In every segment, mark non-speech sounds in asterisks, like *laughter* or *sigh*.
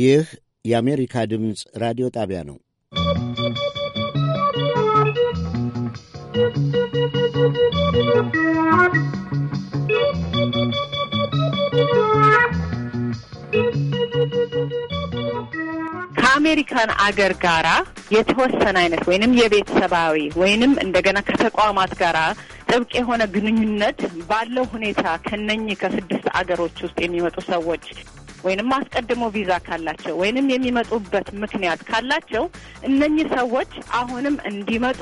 ይህ የአሜሪካ ድምፅ ራዲዮ ጣቢያ ነው። ከአሜሪካን አገር ጋራ የተወሰነ አይነት ወይንም የቤተሰባዊ ወይንም እንደገና ከተቋማት ጋራ ጥብቅ የሆነ ግንኙነት ባለው ሁኔታ ከነኚህ ከስድስት አገሮች ውስጥ የሚመጡ ሰዎች ወይንም አስቀድሞ ቪዛ ካላቸው ወይንም የሚመጡበት ምክንያት ካላቸው እነኚህ ሰዎች አሁንም እንዲመጡ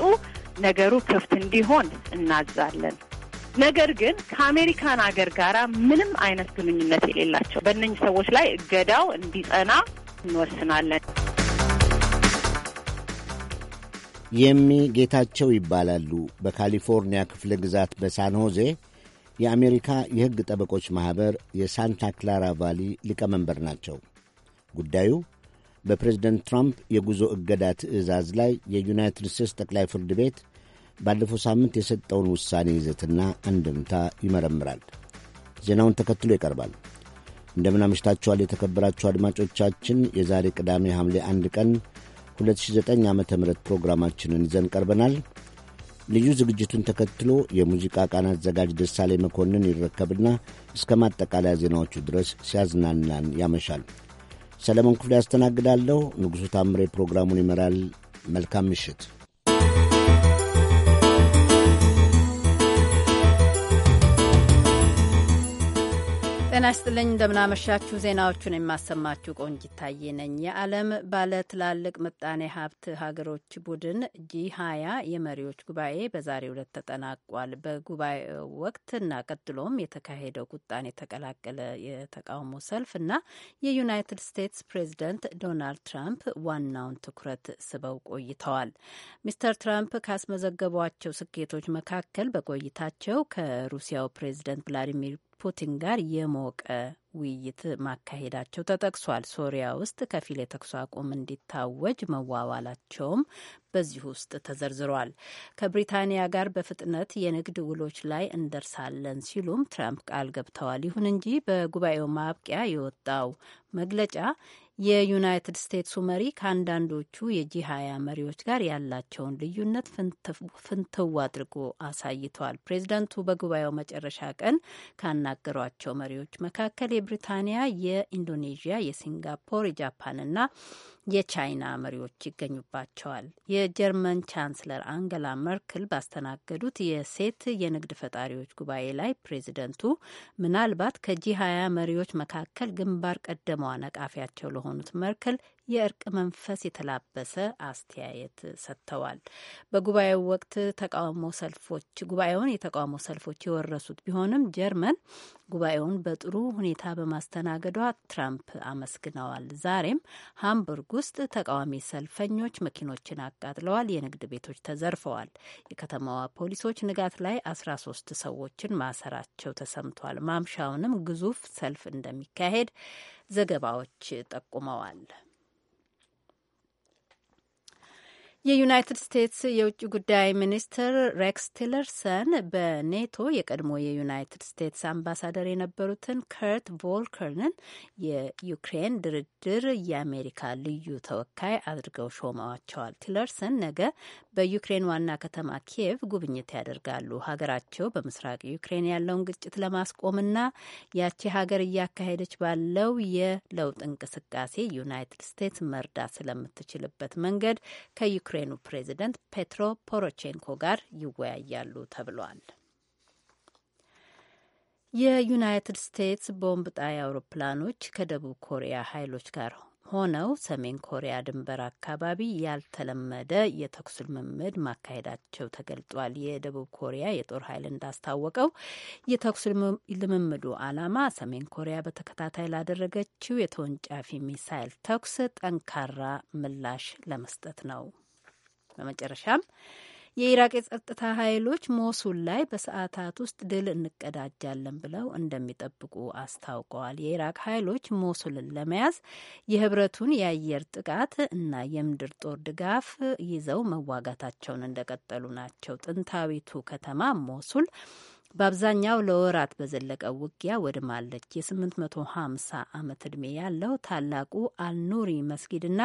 ነገሩ ክፍት እንዲሆን እናዛለን። ነገር ግን ከአሜሪካን ሀገር ጋራ ምንም አይነት ግንኙነት የሌላቸው በእነኝህ ሰዎች ላይ እገዳው እንዲጸና እንወስናለን። የሚ ጌታቸው ይባላሉ። በካሊፎርኒያ ክፍለ ግዛት በሳንሆዜ የአሜሪካ የሕግ ጠበቆች ማኅበር የሳንታ ክላራ ቫሊ ሊቀመንበር ናቸው። ጉዳዩ በፕሬዝደንት ትራምፕ የጉዞ እገዳ ትዕዛዝ ላይ የዩናይትድ ስቴትስ ጠቅላይ ፍርድ ቤት ባለፈው ሳምንት የሰጠውን ውሳኔ ይዘትና አንድምታ ይመረምራል። ዜናውን ተከትሎ ይቀርባል። እንደምን አምሽታችኋል የተከበራችሁ አድማጮቻችን። የዛሬ ቅዳሜ ሐምሌ 1 ቀን 2009 ዓ ም ፕሮግራማችንን ይዘን ቀርበናል። ልዩ ዝግጅቱን ተከትሎ የሙዚቃ ቃና አዘጋጅ ደሳሌ መኮንን ይረከብና እስከ ማጠቃለያ ዜናዎቹ ድረስ ሲያዝናናን ያመሻል። ሰለሞን ክፍሌ ያስተናግዳለሁ። ንጉሡ ታምሬ ፕሮግራሙን ይመራል። መልካም ምሽት። ጤና ይስጥልኝ። እንደምናመሻችሁ። ዜናዎቹን የማሰማችሁ ቆንጂት ታዬ ነኝ። የዓለም ባለ ትላልቅ ምጣኔ ሀብት ሀገሮች ቡድን ጂ ሀያ የመሪዎች ጉባኤ በዛሬው ዕለት ተጠናቋል። በጉባኤው እና ቀጥሎም የተካሄደው ቁጣን የተቀላቀለ የተቃውሞ ሰልፍ እና የዩናይትድ ስቴትስ ፕሬዚደንት ዶናልድ ትራምፕ ዋናውን ትኩረት ስበው ቆይተዋል። ሚስተር ትራምፕ ካስመዘገቧቸው ስኬቶች መካከል በቆይታቸው ከሩሲያው ፕሬዚደንት ቭላዲሚር ፑቲን ጋር የሞቀ ውይይት ማካሄዳቸው ተጠቅሷል። ሶሪያ ውስጥ ከፊል የተኩስ አቁም እንዲታወጅ መዋዋላቸውም በዚህ ውስጥ ተዘርዝሯል። ከብሪታንያ ጋር በፍጥነት የንግድ ውሎች ላይ እንደርሳለን ሲሉም ትራምፕ ቃል ገብተዋል። ይሁን እንጂ በጉባኤው ማብቂያ የወጣው መግለጫ የዩናይትድ ስቴትሱ መሪ ከአንዳንዶቹ የጂ ሀያ መሪዎች ጋር ያላቸውን ልዩነት ፍንትው አድርጎ አሳይተዋል። ፕሬዚዳንቱ በጉባኤው መጨረሻ ቀን ካናገሯቸው መሪዎች መካከል የብሪታንያ፣ የኢንዶኔዥያ፣ የሲንጋፖር፣ የጃፓንና የቻይና መሪዎች ይገኙባቸዋል። የጀርመን ቻንስለር አንገላ መርክል ባስተናገዱት የሴት የንግድ ፈጣሪዎች ጉባኤ ላይ ፕሬዚደንቱ ምናልባት ከጂ ሀያ መሪዎች መካከል ግንባር ቀደመዋ ነቃፊያቸው ለሆኑ የሆኑት መርከል የእርቅ መንፈስ የተላበሰ አስተያየት ሰጥተዋል። በጉባኤው ወቅት ተቃውሞ ሰልፎች ጉባኤውን የተቃውሞ ሰልፎች የወረሱት ቢሆንም ጀርመን ጉባኤውን በጥሩ ሁኔታ በማስተናገዷ ትራምፕ አመስግነዋል። ዛሬም ሃምቡርግ ውስጥ ተቃዋሚ ሰልፈኞች መኪኖችን አቃጥለዋል፣ የንግድ ቤቶች ተዘርፈዋል። የከተማዋ ፖሊሶች ንጋት ላይ አስራ ሶስት ሰዎችን ማሰራቸው ተሰምቷል። ማምሻውንም ግዙፍ ሰልፍ እንደሚካሄድ ዘገባዎች ጠቁመዋል። የዩናይትድ ስቴትስ የውጭ ጉዳይ ሚኒስትር ሬክስ ቲለርሰን በኔቶ የቀድሞ የዩናይትድ ስቴትስ አምባሳደር የነበሩትን ከርት ቮልከርንን የዩክሬን ድርድር የአሜሪካ ልዩ ተወካይ አድርገው ሾመዋቸዋል። ቲለርሰን ነገ በዩክሬን ዋና ከተማ ኪየቭ ጉብኝት ያደርጋሉ። ሀገራቸው በምስራቅ ዩክሬን ያለውን ግጭት ለማስቆምና ያቺ ሀገር እያካሄደች ባለው የለውጥ እንቅስቃሴ ዩናይትድ ስቴትስ መርዳት ስለምትችልበት መንገድ ከዩክሬን ከዩክሬኑ ፕሬዚደንት ፔትሮ ፖሮቼንኮ ጋር ይወያያሉ ተብሏል። የዩናይትድ ስቴትስ ቦምብ ጣይ አውሮፕላኖች ከደቡብ ኮሪያ ኃይሎች ጋር ሆነው ሰሜን ኮሪያ ድንበር አካባቢ ያልተለመደ የተኩስ ልምምድ ማካሄዳቸው ተገልጧል። የደቡብ ኮሪያ የጦር ኃይል እንዳስታወቀው የተኩስ ልምምዱ ዓላማ ሰሜን ኮሪያ በተከታታይ ላደረገችው የተወንጫፊ ሚሳይል ተኩስ ጠንካራ ምላሽ ለመስጠት ነው። በመጨረሻም የኢራቅ የጸጥታ ኃይሎች ሞሱል ላይ በሰዓታት ውስጥ ድል እንቀዳጃለን ብለው እንደሚጠብቁ አስታውቀዋል። የኢራቅ ኃይሎች ሞሱልን ለመያዝ የህብረቱን የአየር ጥቃት እና የምድር ጦር ድጋፍ ይዘው መዋጋታቸውን እንደቀጠሉ ናቸው። ጥንታዊቱ ከተማ ሞሱል በአብዛኛው ለወራት በዘለቀ ውጊያ ወድማለች። የ850 ዓመት ዕድሜ ያለው ታላቁ አልኑሪ መስጊድና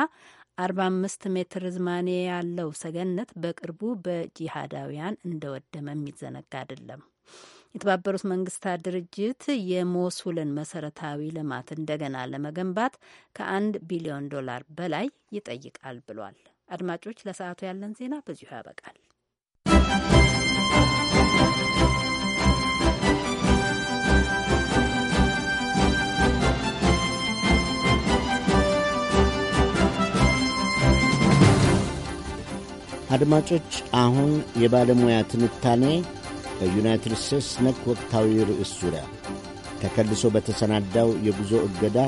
45 ሜትር ዝማኔ ያለው ሰገነት በቅርቡ በጂሃዳውያን እንደወደመ የሚዘነጋ አይደለም። የተባበሩት መንግስታት ድርጅት የሞሱልን መሰረታዊ ልማት እንደገና ለመገንባት ከአንድ ቢሊዮን ዶላር በላይ ይጠይቃል ብሏል። አድማጮች፣ ለሰዓቱ ያለን ዜና በዚሁ ያበቃል። አድማጮች፣ አሁን የባለሙያ ትንታኔ በዩናይትድ ስቴትስ ነክ ወቅታዊ ርዕስ ዙሪያ ተከልሶ በተሰናዳው የጉዞ እገዳ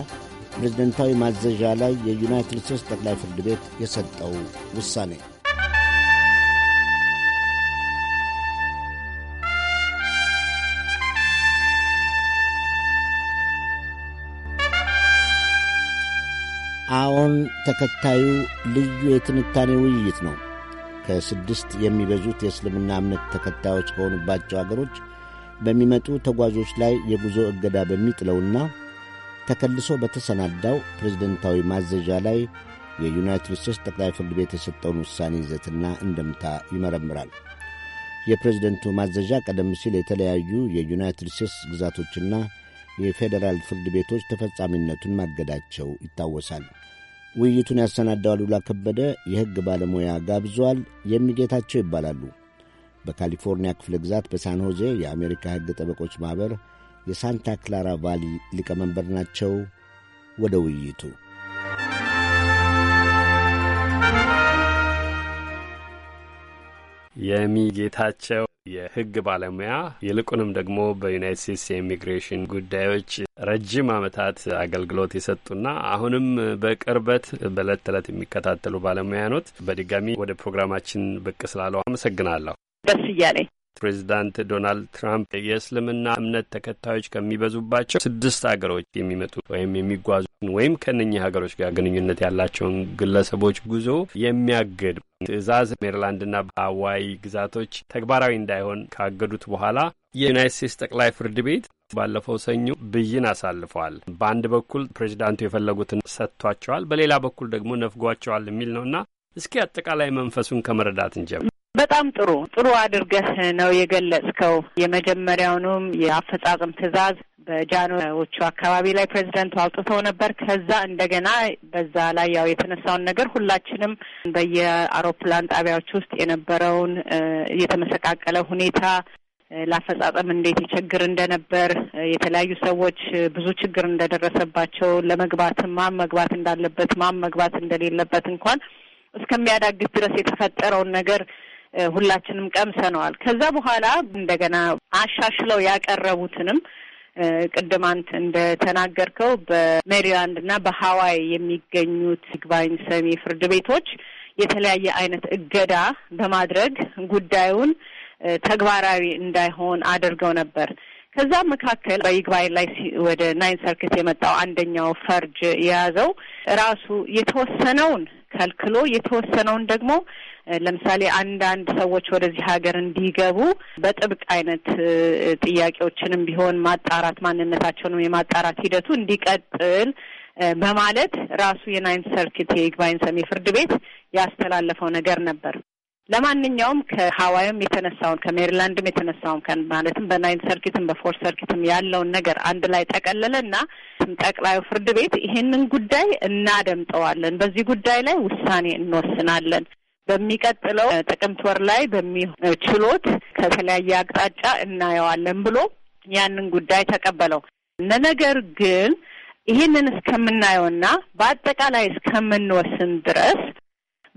ፕሬዝደንታዊ ማዘዣ ላይ የዩናይትድ ስቴትስ ጠቅላይ ፍርድ ቤት የሰጠው ውሳኔ አዎን፣ ተከታዩ ልዩ የትንታኔ ውይይት ነው። ከስድስት የሚበዙት የእስልምና እምነት ተከታዮች ከሆኑባቸው አገሮች በሚመጡ ተጓዦች ላይ የጉዞ እገዳ በሚጥለውና ተከልሶ በተሰናዳው ፕሬዝደንታዊ ማዘዣ ላይ የዩናይትድ ስቴትስ ጠቅላይ ፍርድ ቤት የሰጠውን ውሳኔ ይዘትና እንደምታ ይመረምራል። የፕሬዝደንቱ ማዘዣ ቀደም ሲል የተለያዩ የዩናይትድ ስቴትስ ግዛቶችና የፌዴራል ፍርድ ቤቶች ተፈጻሚነቱን ማገዳቸው ይታወሳል። ውይይቱን ያሰናዳው አሉላ ከበደ የሕግ ባለሙያ ጋብዟል። የሚጌታቸው ይባላሉ። በካሊፎርኒያ ክፍለ ግዛት በሳን ሆዜ የአሜሪካ ሕግ ጠበቆች ማኅበር የሳንታ ክላራ ቫሊ ሊቀመንበር ናቸው። ወደ ውይይቱ የሚጌታቸው የህግ ባለሙያ ይልቁንም ደግሞ በዩናይት ስቴትስ የኢሚግሬሽን ጉዳዮች ረጅም ዓመታት አገልግሎት የሰጡና አሁንም በቅርበት በእለት ተዕለት የሚከታተሉ ባለሙያ ኖት። በድጋሚ ወደ ፕሮግራማችን ብቅ ስላለው አመሰግናለሁ። ደስ እያለኝ ፕሬዚዳንት ዶናልድ ትራምፕ የእስልምና እምነት ተከታዮች ከሚበዙባቸው ስድስት ሀገሮች የሚመጡ ወይም የሚጓዙ ወይም ከነኚህ ሀገሮች ጋር ግንኙነት ያላቸውን ግለሰቦች ጉዞ የሚያገድ ትዕዛዝ ሜሪላንድና በሀዋይ ግዛቶች ተግባራዊ እንዳይሆን ካገዱት በኋላ የዩናይት ስቴትስ ጠቅላይ ፍርድ ቤት ባለፈው ሰኞ ብይን አሳልፈዋል። በአንድ በኩል ፕሬዚዳንቱ የፈለጉትን ሰጥቷቸዋል፣ በሌላ በኩል ደግሞ ነፍጓቸዋል የሚል ነውና እስኪ አጠቃላይ መንፈሱን ከመረዳት እንጀምር። በጣም ጥሩ ጥሩ አድርገህ ነው የገለጽከው። የመጀመሪያውንም የአፈጻጸም ትዕዛዝ በጃኖዎቹ አካባቢ ላይ ፕሬዚደንቱ አውጥተው ነበር። ከዛ እንደገና በዛ ላይ ያው የተነሳውን ነገር ሁላችንም በየአውሮፕላን ጣቢያዎች ውስጥ የነበረውን የተመሰቃቀለ ሁኔታ ለአፈጻጸም እንዴት ይቸግር እንደነበር የተለያዩ ሰዎች ብዙ ችግር እንደደረሰባቸው ለመግባት ማን መግባት እንዳለበት ማን መግባት እንደሌለበት እንኳን እስከሚያዳግት ድረስ የተፈጠረውን ነገር ሁላችንም ቀምሰነዋል። ከዛ በኋላ እንደገና አሻሽለው ያቀረቡትንም ቅድም አንተ እንደተናገርከው በሜሪላንድ እና በሀዋይ የሚገኙት ይግባኝ ሰሚ ፍርድ ቤቶች የተለያየ አይነት እገዳ በማድረግ ጉዳዩን ተግባራዊ እንዳይሆን አድርገው ነበር። ከዛ መካከል በይግባኝ ላይ ወደ ናይን ሰርክት የመጣው አንደኛው ፈርጅ የያዘው ራሱ የተወሰነውን ከልክሎ የተወሰነውን ደግሞ ለምሳሌ አንዳንድ ሰዎች ወደዚህ ሀገር እንዲገቡ በጥብቅ አይነት ጥያቄዎችንም ቢሆን ማጣራት ማንነታቸውንም የማጣራት ሂደቱ እንዲቀጥል በማለት ራሱ የናይንት ሰርኪት የይግባኝ ሰሚ ፍርድ ቤት ያስተላለፈው ነገር ነበር። ለማንኛውም ከሀዋይም የተነሳውን ከሜሪላንድም የተነሳውን ከ ማለትም በናይንት ሰርኪትም በፎርስ ሰርኪትም ያለውን ነገር አንድ ላይ ጠቀለለ እና ጠቅላዩ ፍርድ ቤት ይህንን ጉዳይ እናደምጠዋለን፣ በዚህ ጉዳይ ላይ ውሳኔ እንወስናለን በሚቀጥለው ጥቅምት ወር ላይ በሚ ችሎት ከተለያየ አቅጣጫ እናየዋለን ብሎ ያንን ጉዳይ ተቀበለው። ነገር ግን ይህንን እስከምናየውና በአጠቃላይ እስከምንወስን ድረስ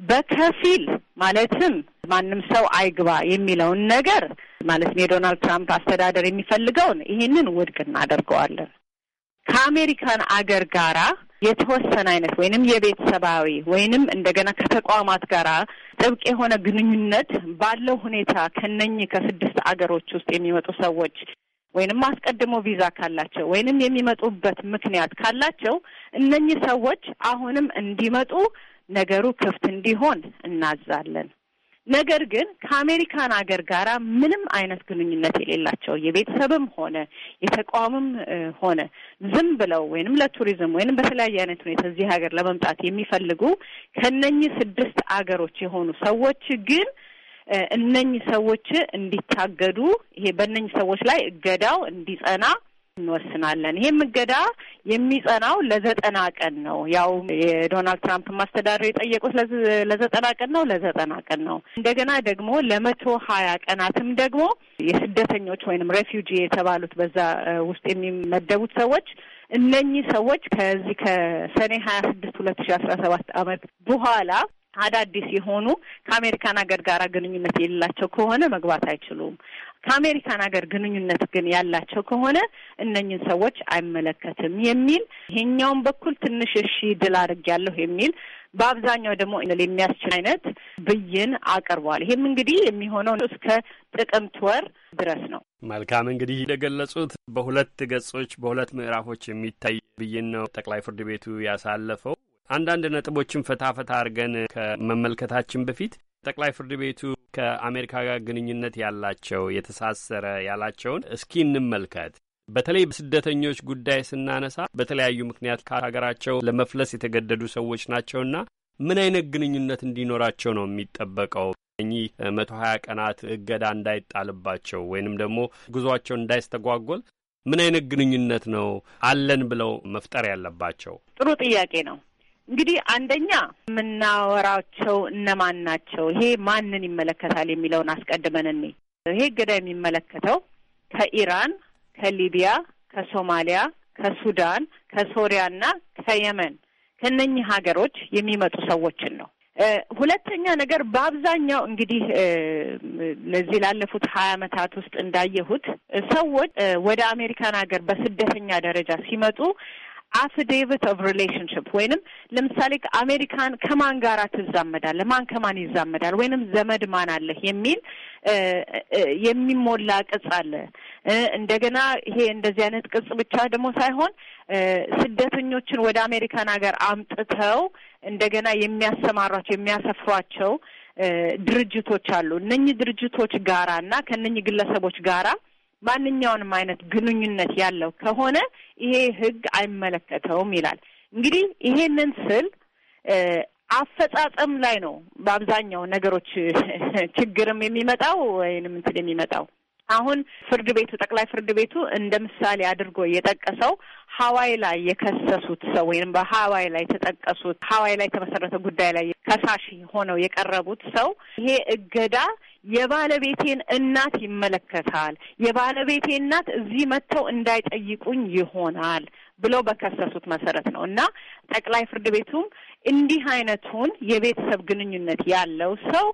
በከፊል ማለትም ማንም ሰው አይግባ የሚለውን ነገር ማለትም የዶናልድ ትራምፕ አስተዳደር የሚፈልገውን ይህንን ውድቅ እናደርገዋለን። ከአሜሪካን አገር ጋራ የተወሰነ አይነት ወይንም የቤተሰባዊ ወይንም እንደገና ከተቋማት ጋር ጥብቅ የሆነ ግንኙነት ባለው ሁኔታ ከነኚህ ከስድስት አገሮች ውስጥ የሚመጡ ሰዎች ወይንም አስቀድሞ ቪዛ ካላቸው ወይንም የሚመጡበት ምክንያት ካላቸው እነኚህ ሰዎች አሁንም እንዲመጡ ነገሩ ክፍት እንዲሆን እናዛለን። ነገር ግን ከአሜሪካን ሀገር ጋራ ምንም አይነት ግንኙነት የሌላቸው የቤተሰብም ሆነ የተቋምም ሆነ ዝም ብለው ወይንም ለቱሪዝም ወይንም በተለያየ አይነት ሁኔታ እዚህ ሀገር ለመምጣት የሚፈልጉ ከነኚህ ስድስት አገሮች የሆኑ ሰዎች ግን እነኚህ ሰዎች እንዲታገዱ ይሄ በእነኚህ ሰዎች ላይ እገዳው እንዲጸና እንወስናለን። ይህም እገዳ የሚጸናው ለዘጠና ቀን ነው። ያው የዶናልድ ትራምፕ ማስተዳደር የጠየቁት ለዘጠና ቀን ነው። ለዘጠና ቀን ነው። እንደገና ደግሞ ለመቶ ሀያ ቀናትም ደግሞ የስደተኞች ወይንም ሬፊውጂ የተባሉት በዛ ውስጥ የሚመደቡት ሰዎች እነኚህ ሰዎች ከዚህ ከሰኔ ሀያ ስድስት ሁለት ሺ አስራ ሰባት አመት በኋላ አዳዲስ የሆኑ ከአሜሪካን ሀገር ጋር ግንኙነት የሌላቸው ከሆነ መግባት አይችሉም። ከአሜሪካን ሀገር ግንኙነት ግን ያላቸው ከሆነ እነኝን ሰዎች አይመለከትም የሚል ይሄኛውን በኩል ትንሽ እሺ ድል አድርጌያለሁ የሚል በአብዛኛው ደግሞ የሚያስችል አይነት ብይን አቅርቧል። ይህም እንግዲህ የሚሆነው እስከ ጥቅምት ወር ድረስ ነው። መልካም እንግዲህ እንደገለጹት በሁለት ገጾች በሁለት ምዕራፎች የሚታይ ብይን ነው ጠቅላይ ፍርድ ቤቱ ያሳለፈው። አንዳንድ ነጥቦችን ፈታ ፈታ አድርገን ከመመልከታችን በፊት ጠቅላይ ፍርድ ቤቱ ከአሜሪካ ጋር ግንኙነት ያላቸው የተሳሰረ ያላቸውን እስኪ እንመልከት። በተለይ በስደተኞች ጉዳይ ስናነሳ በተለያዩ ምክንያት ከሀገራቸው ለመፍለስ የተገደዱ ሰዎች ናቸውና ምን አይነት ግንኙነት እንዲኖራቸው ነው የሚጠበቀው? እኚህ መቶ ሀያ ቀናት እገዳ እንዳይጣልባቸው ወይንም ደግሞ ጉዟቸው እንዳይስተጓጎል ምን አይነት ግንኙነት ነው አለን ብለው መፍጠር ያለባቸው? ጥሩ ጥያቄ ነው። እንግዲህ አንደኛ የምናወራቸው እነማን ናቸው፣ ይሄ ማንን ይመለከታል የሚለውን አስቀድመን እኔ ይሄ እገዳ የሚመለከተው ከኢራን፣ ከሊቢያ፣ ከሶማሊያ፣ ከሱዳን፣ ከሶሪያና ከየመን ከነኚህ ሀገሮች የሚመጡ ሰዎችን ነው። ሁለተኛ ነገር በአብዛኛው እንግዲህ ለዚህ ላለፉት ሀያ ዓመታት ውስጥ እንዳየሁት ሰዎች ወደ አሜሪካን ሀገር በስደተኛ ደረጃ ሲመጡ አፍዴቪት ኦፍ ሪሌሽንሽፕ ወይንም ለምሳሌ አሜሪካን ከማን ጋር ትዛመዳለህ፣ ማን ከማን ይዛመዳል፣ ወይንም ዘመድ ማን አለህ የሚል የሚሞላ ቅጽ አለ። እንደገና ይሄ እንደዚህ አይነት ቅጽ ብቻ ደግሞ ሳይሆን ስደተኞችን ወደ አሜሪካን ሀገር አምጥተው እንደገና የሚያሰማሯቸው የሚያሰፍሯቸው ድርጅቶች አሉ። እነኚህ ድርጅቶች ጋራ እና ከእነኚህ ግለሰቦች ጋራ ማንኛውንም አይነት ግንኙነት ያለው ከሆነ ይሄ ህግ አይመለከተውም ይላል። እንግዲህ ይሄንን ስል አፈጻጸም ላይ ነው በአብዛኛው ነገሮች *laughs* ችግርም የሚመጣው ወይንም እንትን የሚመጣው አሁን ፍርድ ቤቱ ጠቅላይ ፍርድ ቤቱ እንደ ምሳሌ አድርጎ የጠቀሰው ሀዋይ ላይ የከሰሱት ሰው ወይም በሀዋይ ላይ የተጠቀሱት ሀዋይ ላይ የተመሰረተ ጉዳይ ላይ ከሳሽ ሆነው የቀረቡት ሰው ይሄ እገዳ የባለቤቴን እናት ይመለከታል። የባለቤቴ እናት እዚህ መጥተው እንዳይጠይቁኝ ይሆናል ብለው በከሰሱት መሰረት ነው እና ጠቅላይ ፍርድ ቤቱም እንዲህ አይነቱን የቤተሰብ ግንኙነት ያለው ሰው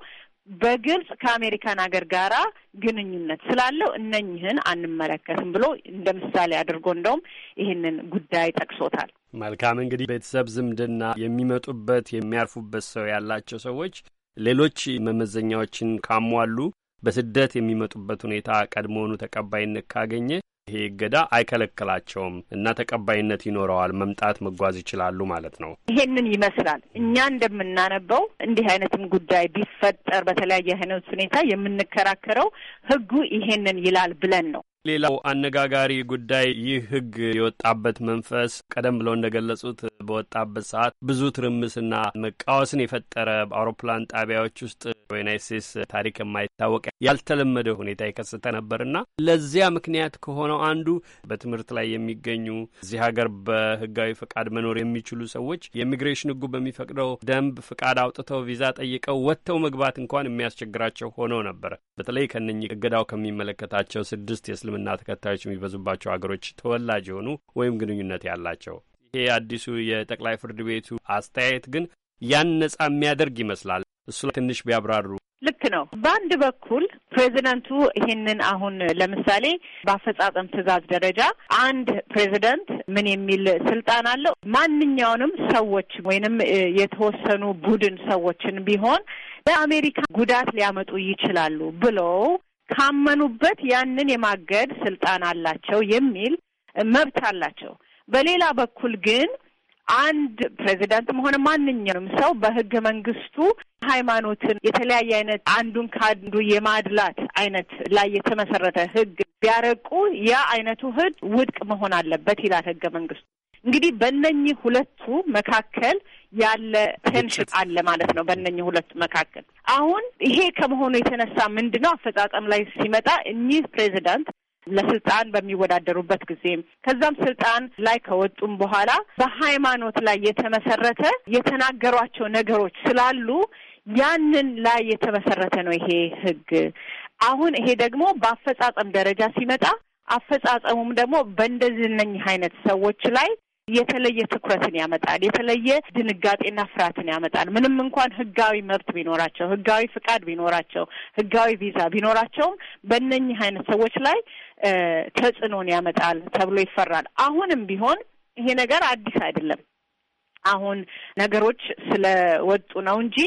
በግልጽ ከአሜሪካን ሀገር ጋራ ግንኙነት ስላለው እነኝህን አንመለከትም ብሎ እንደ ምሳሌ አድርጎ እንደውም ይህንን ጉዳይ ጠቅሶታል። መልካም እንግዲህ ቤተሰብ ዝምድና የሚመጡበት የሚያርፉበት ሰው ያላቸው ሰዎች ሌሎች መመዘኛዎችን ካሟሉ በስደት የሚመጡበት ሁኔታ ቀድሞውኑ ተቀባይነት ካገኘ ይሄ እገዳ አይከለክላቸውም እና ተቀባይነት ይኖረዋል። መምጣት መጓዝ ይችላሉ ማለት ነው። ይሄንን ይመስላል። እኛ እንደምናነበው እንዲህ አይነትም ጉዳይ ቢፈጠር በተለያየ አይነት ሁኔታ የምንከራከረው ህጉ ይሄንን ይላል ብለን ነው። ሌላው አነጋጋሪ ጉዳይ ይህ ህግ የወጣበት መንፈስ ቀደም ብለው እንደገለጹት በወጣበት ሰዓት ብዙ ትርምስና መቃወስን የፈጠረ በአውሮፕላን ጣቢያዎች ውስጥ በዩናይት ስቴትስ ታሪክ የማይታወቅ ያልተለመደ ሁኔታ የከሰተ ነበርና ለዚያ ምክንያት ከሆነው አንዱ በትምህርት ላይ የሚገኙ እዚህ ሀገር በህጋዊ ፈቃድ መኖር የሚችሉ ሰዎች የኢሚግሬሽን ህጉ በሚፈቅደው ደንብ ፈቃድ አውጥተው ቪዛ ጠይቀው ወጥተው መግባት እንኳን የሚያስቸግራቸው ሆነው ነበር። በተለይ ከነኚህ እገዳው ከሚመለከታቸው ስድስት የእስልምና ተከታዮች የሚበዙባቸው ሀገሮች ተወላጅ የሆኑ ወይም ግንኙነት ያላቸው ይሄ አዲሱ የጠቅላይ ፍርድ ቤቱ አስተያየት ግን ያን ነጻ የሚያደርግ ይመስላል። እሱ ትንሽ ቢያብራሩ። ልክ ነው። በአንድ በኩል ፕሬዚደንቱ ይህንን አሁን ለምሳሌ በአፈጻጸም ትእዛዝ ደረጃ አንድ ፕሬዚደንት ምን የሚል ስልጣን አለው? ማንኛውንም ሰዎች ወይንም የተወሰኑ ቡድን ሰዎችን ቢሆን በአሜሪካ ጉዳት ሊያመጡ ይችላሉ ብለው ካመኑበት ያንን የማገድ ስልጣን አላቸው የሚል መብት አላቸው። በሌላ በኩል ግን አንድ ፕሬዚዳንትም ሆነ ማንኛውም ሰው በህገ መንግስቱ ሃይማኖትን የተለያየ አይነት አንዱን ከአንዱ የማድላት አይነት ላይ የተመሰረተ ህግ ቢያረቁ ያ አይነቱ ህግ ውድቅ መሆን አለበት ይላል ህገ መንግስቱ። እንግዲህ በእነኚህ ሁለቱ መካከል ያለ ቴንሽን አለ ማለት ነው። በእነኚህ ሁለቱ መካከል አሁን ይሄ ከመሆኑ የተነሳ ምንድነው አፈጻጸም ላይ ሲመጣ እኚህ ፕሬዚዳንት ለስልጣን በሚወዳደሩበት ጊዜም ከዛም ስልጣን ላይ ከወጡም በኋላ በሃይማኖት ላይ የተመሰረተ የተናገሯቸው ነገሮች ስላሉ ያንን ላይ የተመሰረተ ነው ይሄ ህግ። አሁን ይሄ ደግሞ በአፈጻጸም ደረጃ ሲመጣ አፈጻጸሙም ደግሞ በእንደዚህ አይነት ሰዎች ላይ የተለየ ትኩረትን ያመጣል። የተለየ ድንጋጤና ፍርሃትን ያመጣል። ምንም እንኳን ህጋዊ መብት ቢኖራቸው፣ ህጋዊ ፍቃድ ቢኖራቸው፣ ህጋዊ ቪዛ ቢኖራቸውም በእነኚህ አይነት ሰዎች ላይ ተጽዕኖን ያመጣል ተብሎ ይፈራል። አሁንም ቢሆን ይሄ ነገር አዲስ አይደለም። አሁን ነገሮች ስለወጡ ነው እንጂ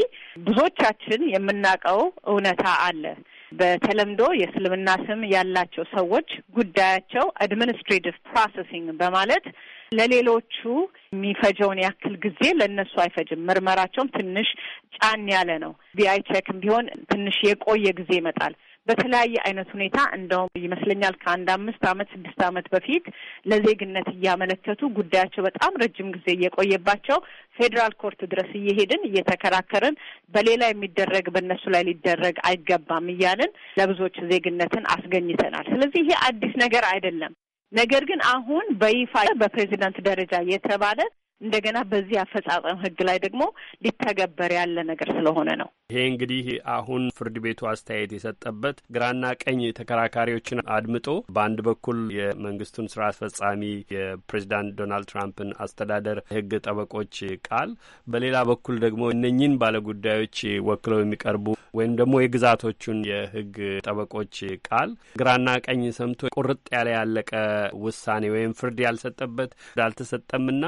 ብዙዎቻችን የምናውቀው እውነታ አለ። በተለምዶ የእስልምና ስም ያላቸው ሰዎች ጉዳያቸው አድሚኒስትሬቲቭ ፕሮሰሲንግ በማለት ለሌሎቹ የሚፈጀውን ያክል ጊዜ ለእነሱ አይፈጅም። ምርመራቸውም ትንሽ ጫን ያለ ነው። ቢአይ ቼክም ቢሆን ትንሽ የቆየ ጊዜ ይመጣል። በተለያየ አይነት ሁኔታ እንደውም ይመስለኛል ከአንድ አምስት አመት ስድስት አመት በፊት ለዜግነት እያመለከቱ ጉዳያቸው በጣም ረጅም ጊዜ እየቆየባቸው ፌዴራል ኮርት ድረስ እየሄድን እየተከራከርን በሌላ የሚደረግ በእነሱ ላይ ሊደረግ አይገባም እያልን ለብዙዎች ዜግነትን አስገኝተናል። ስለዚህ ይሄ አዲስ ነገር አይደለም። ነገር ግን አሁን በይፋ በፕሬዚዳንት ደረጃ የተባለ እንደገና በዚህ አፈጻጸም ህግ ላይ ደግሞ ሊተገበር ያለ ነገር ስለሆነ ነው። ይሄ እንግዲህ አሁን ፍርድ ቤቱ አስተያየት የሰጠበት ግራና ቀኝ ተከራካሪዎችን አድምጦ በአንድ በኩል የመንግስቱን ስራ አስፈጻሚ የፕሬዚዳንት ዶናልድ ትራምፕን አስተዳደር ህግ ጠበቆች ቃል፣ በሌላ በኩል ደግሞ እነኚህን ባለጉዳዮች ወክለው የሚቀርቡ ወይም ደግሞ የግዛቶቹን የህግ ጠበቆች ቃል ግራና ቀኝ ሰምቶ ቁርጥ ያለ ያለቀ ውሳኔ ወይም ፍርድ ያልሰጠበት አልተሰጠምና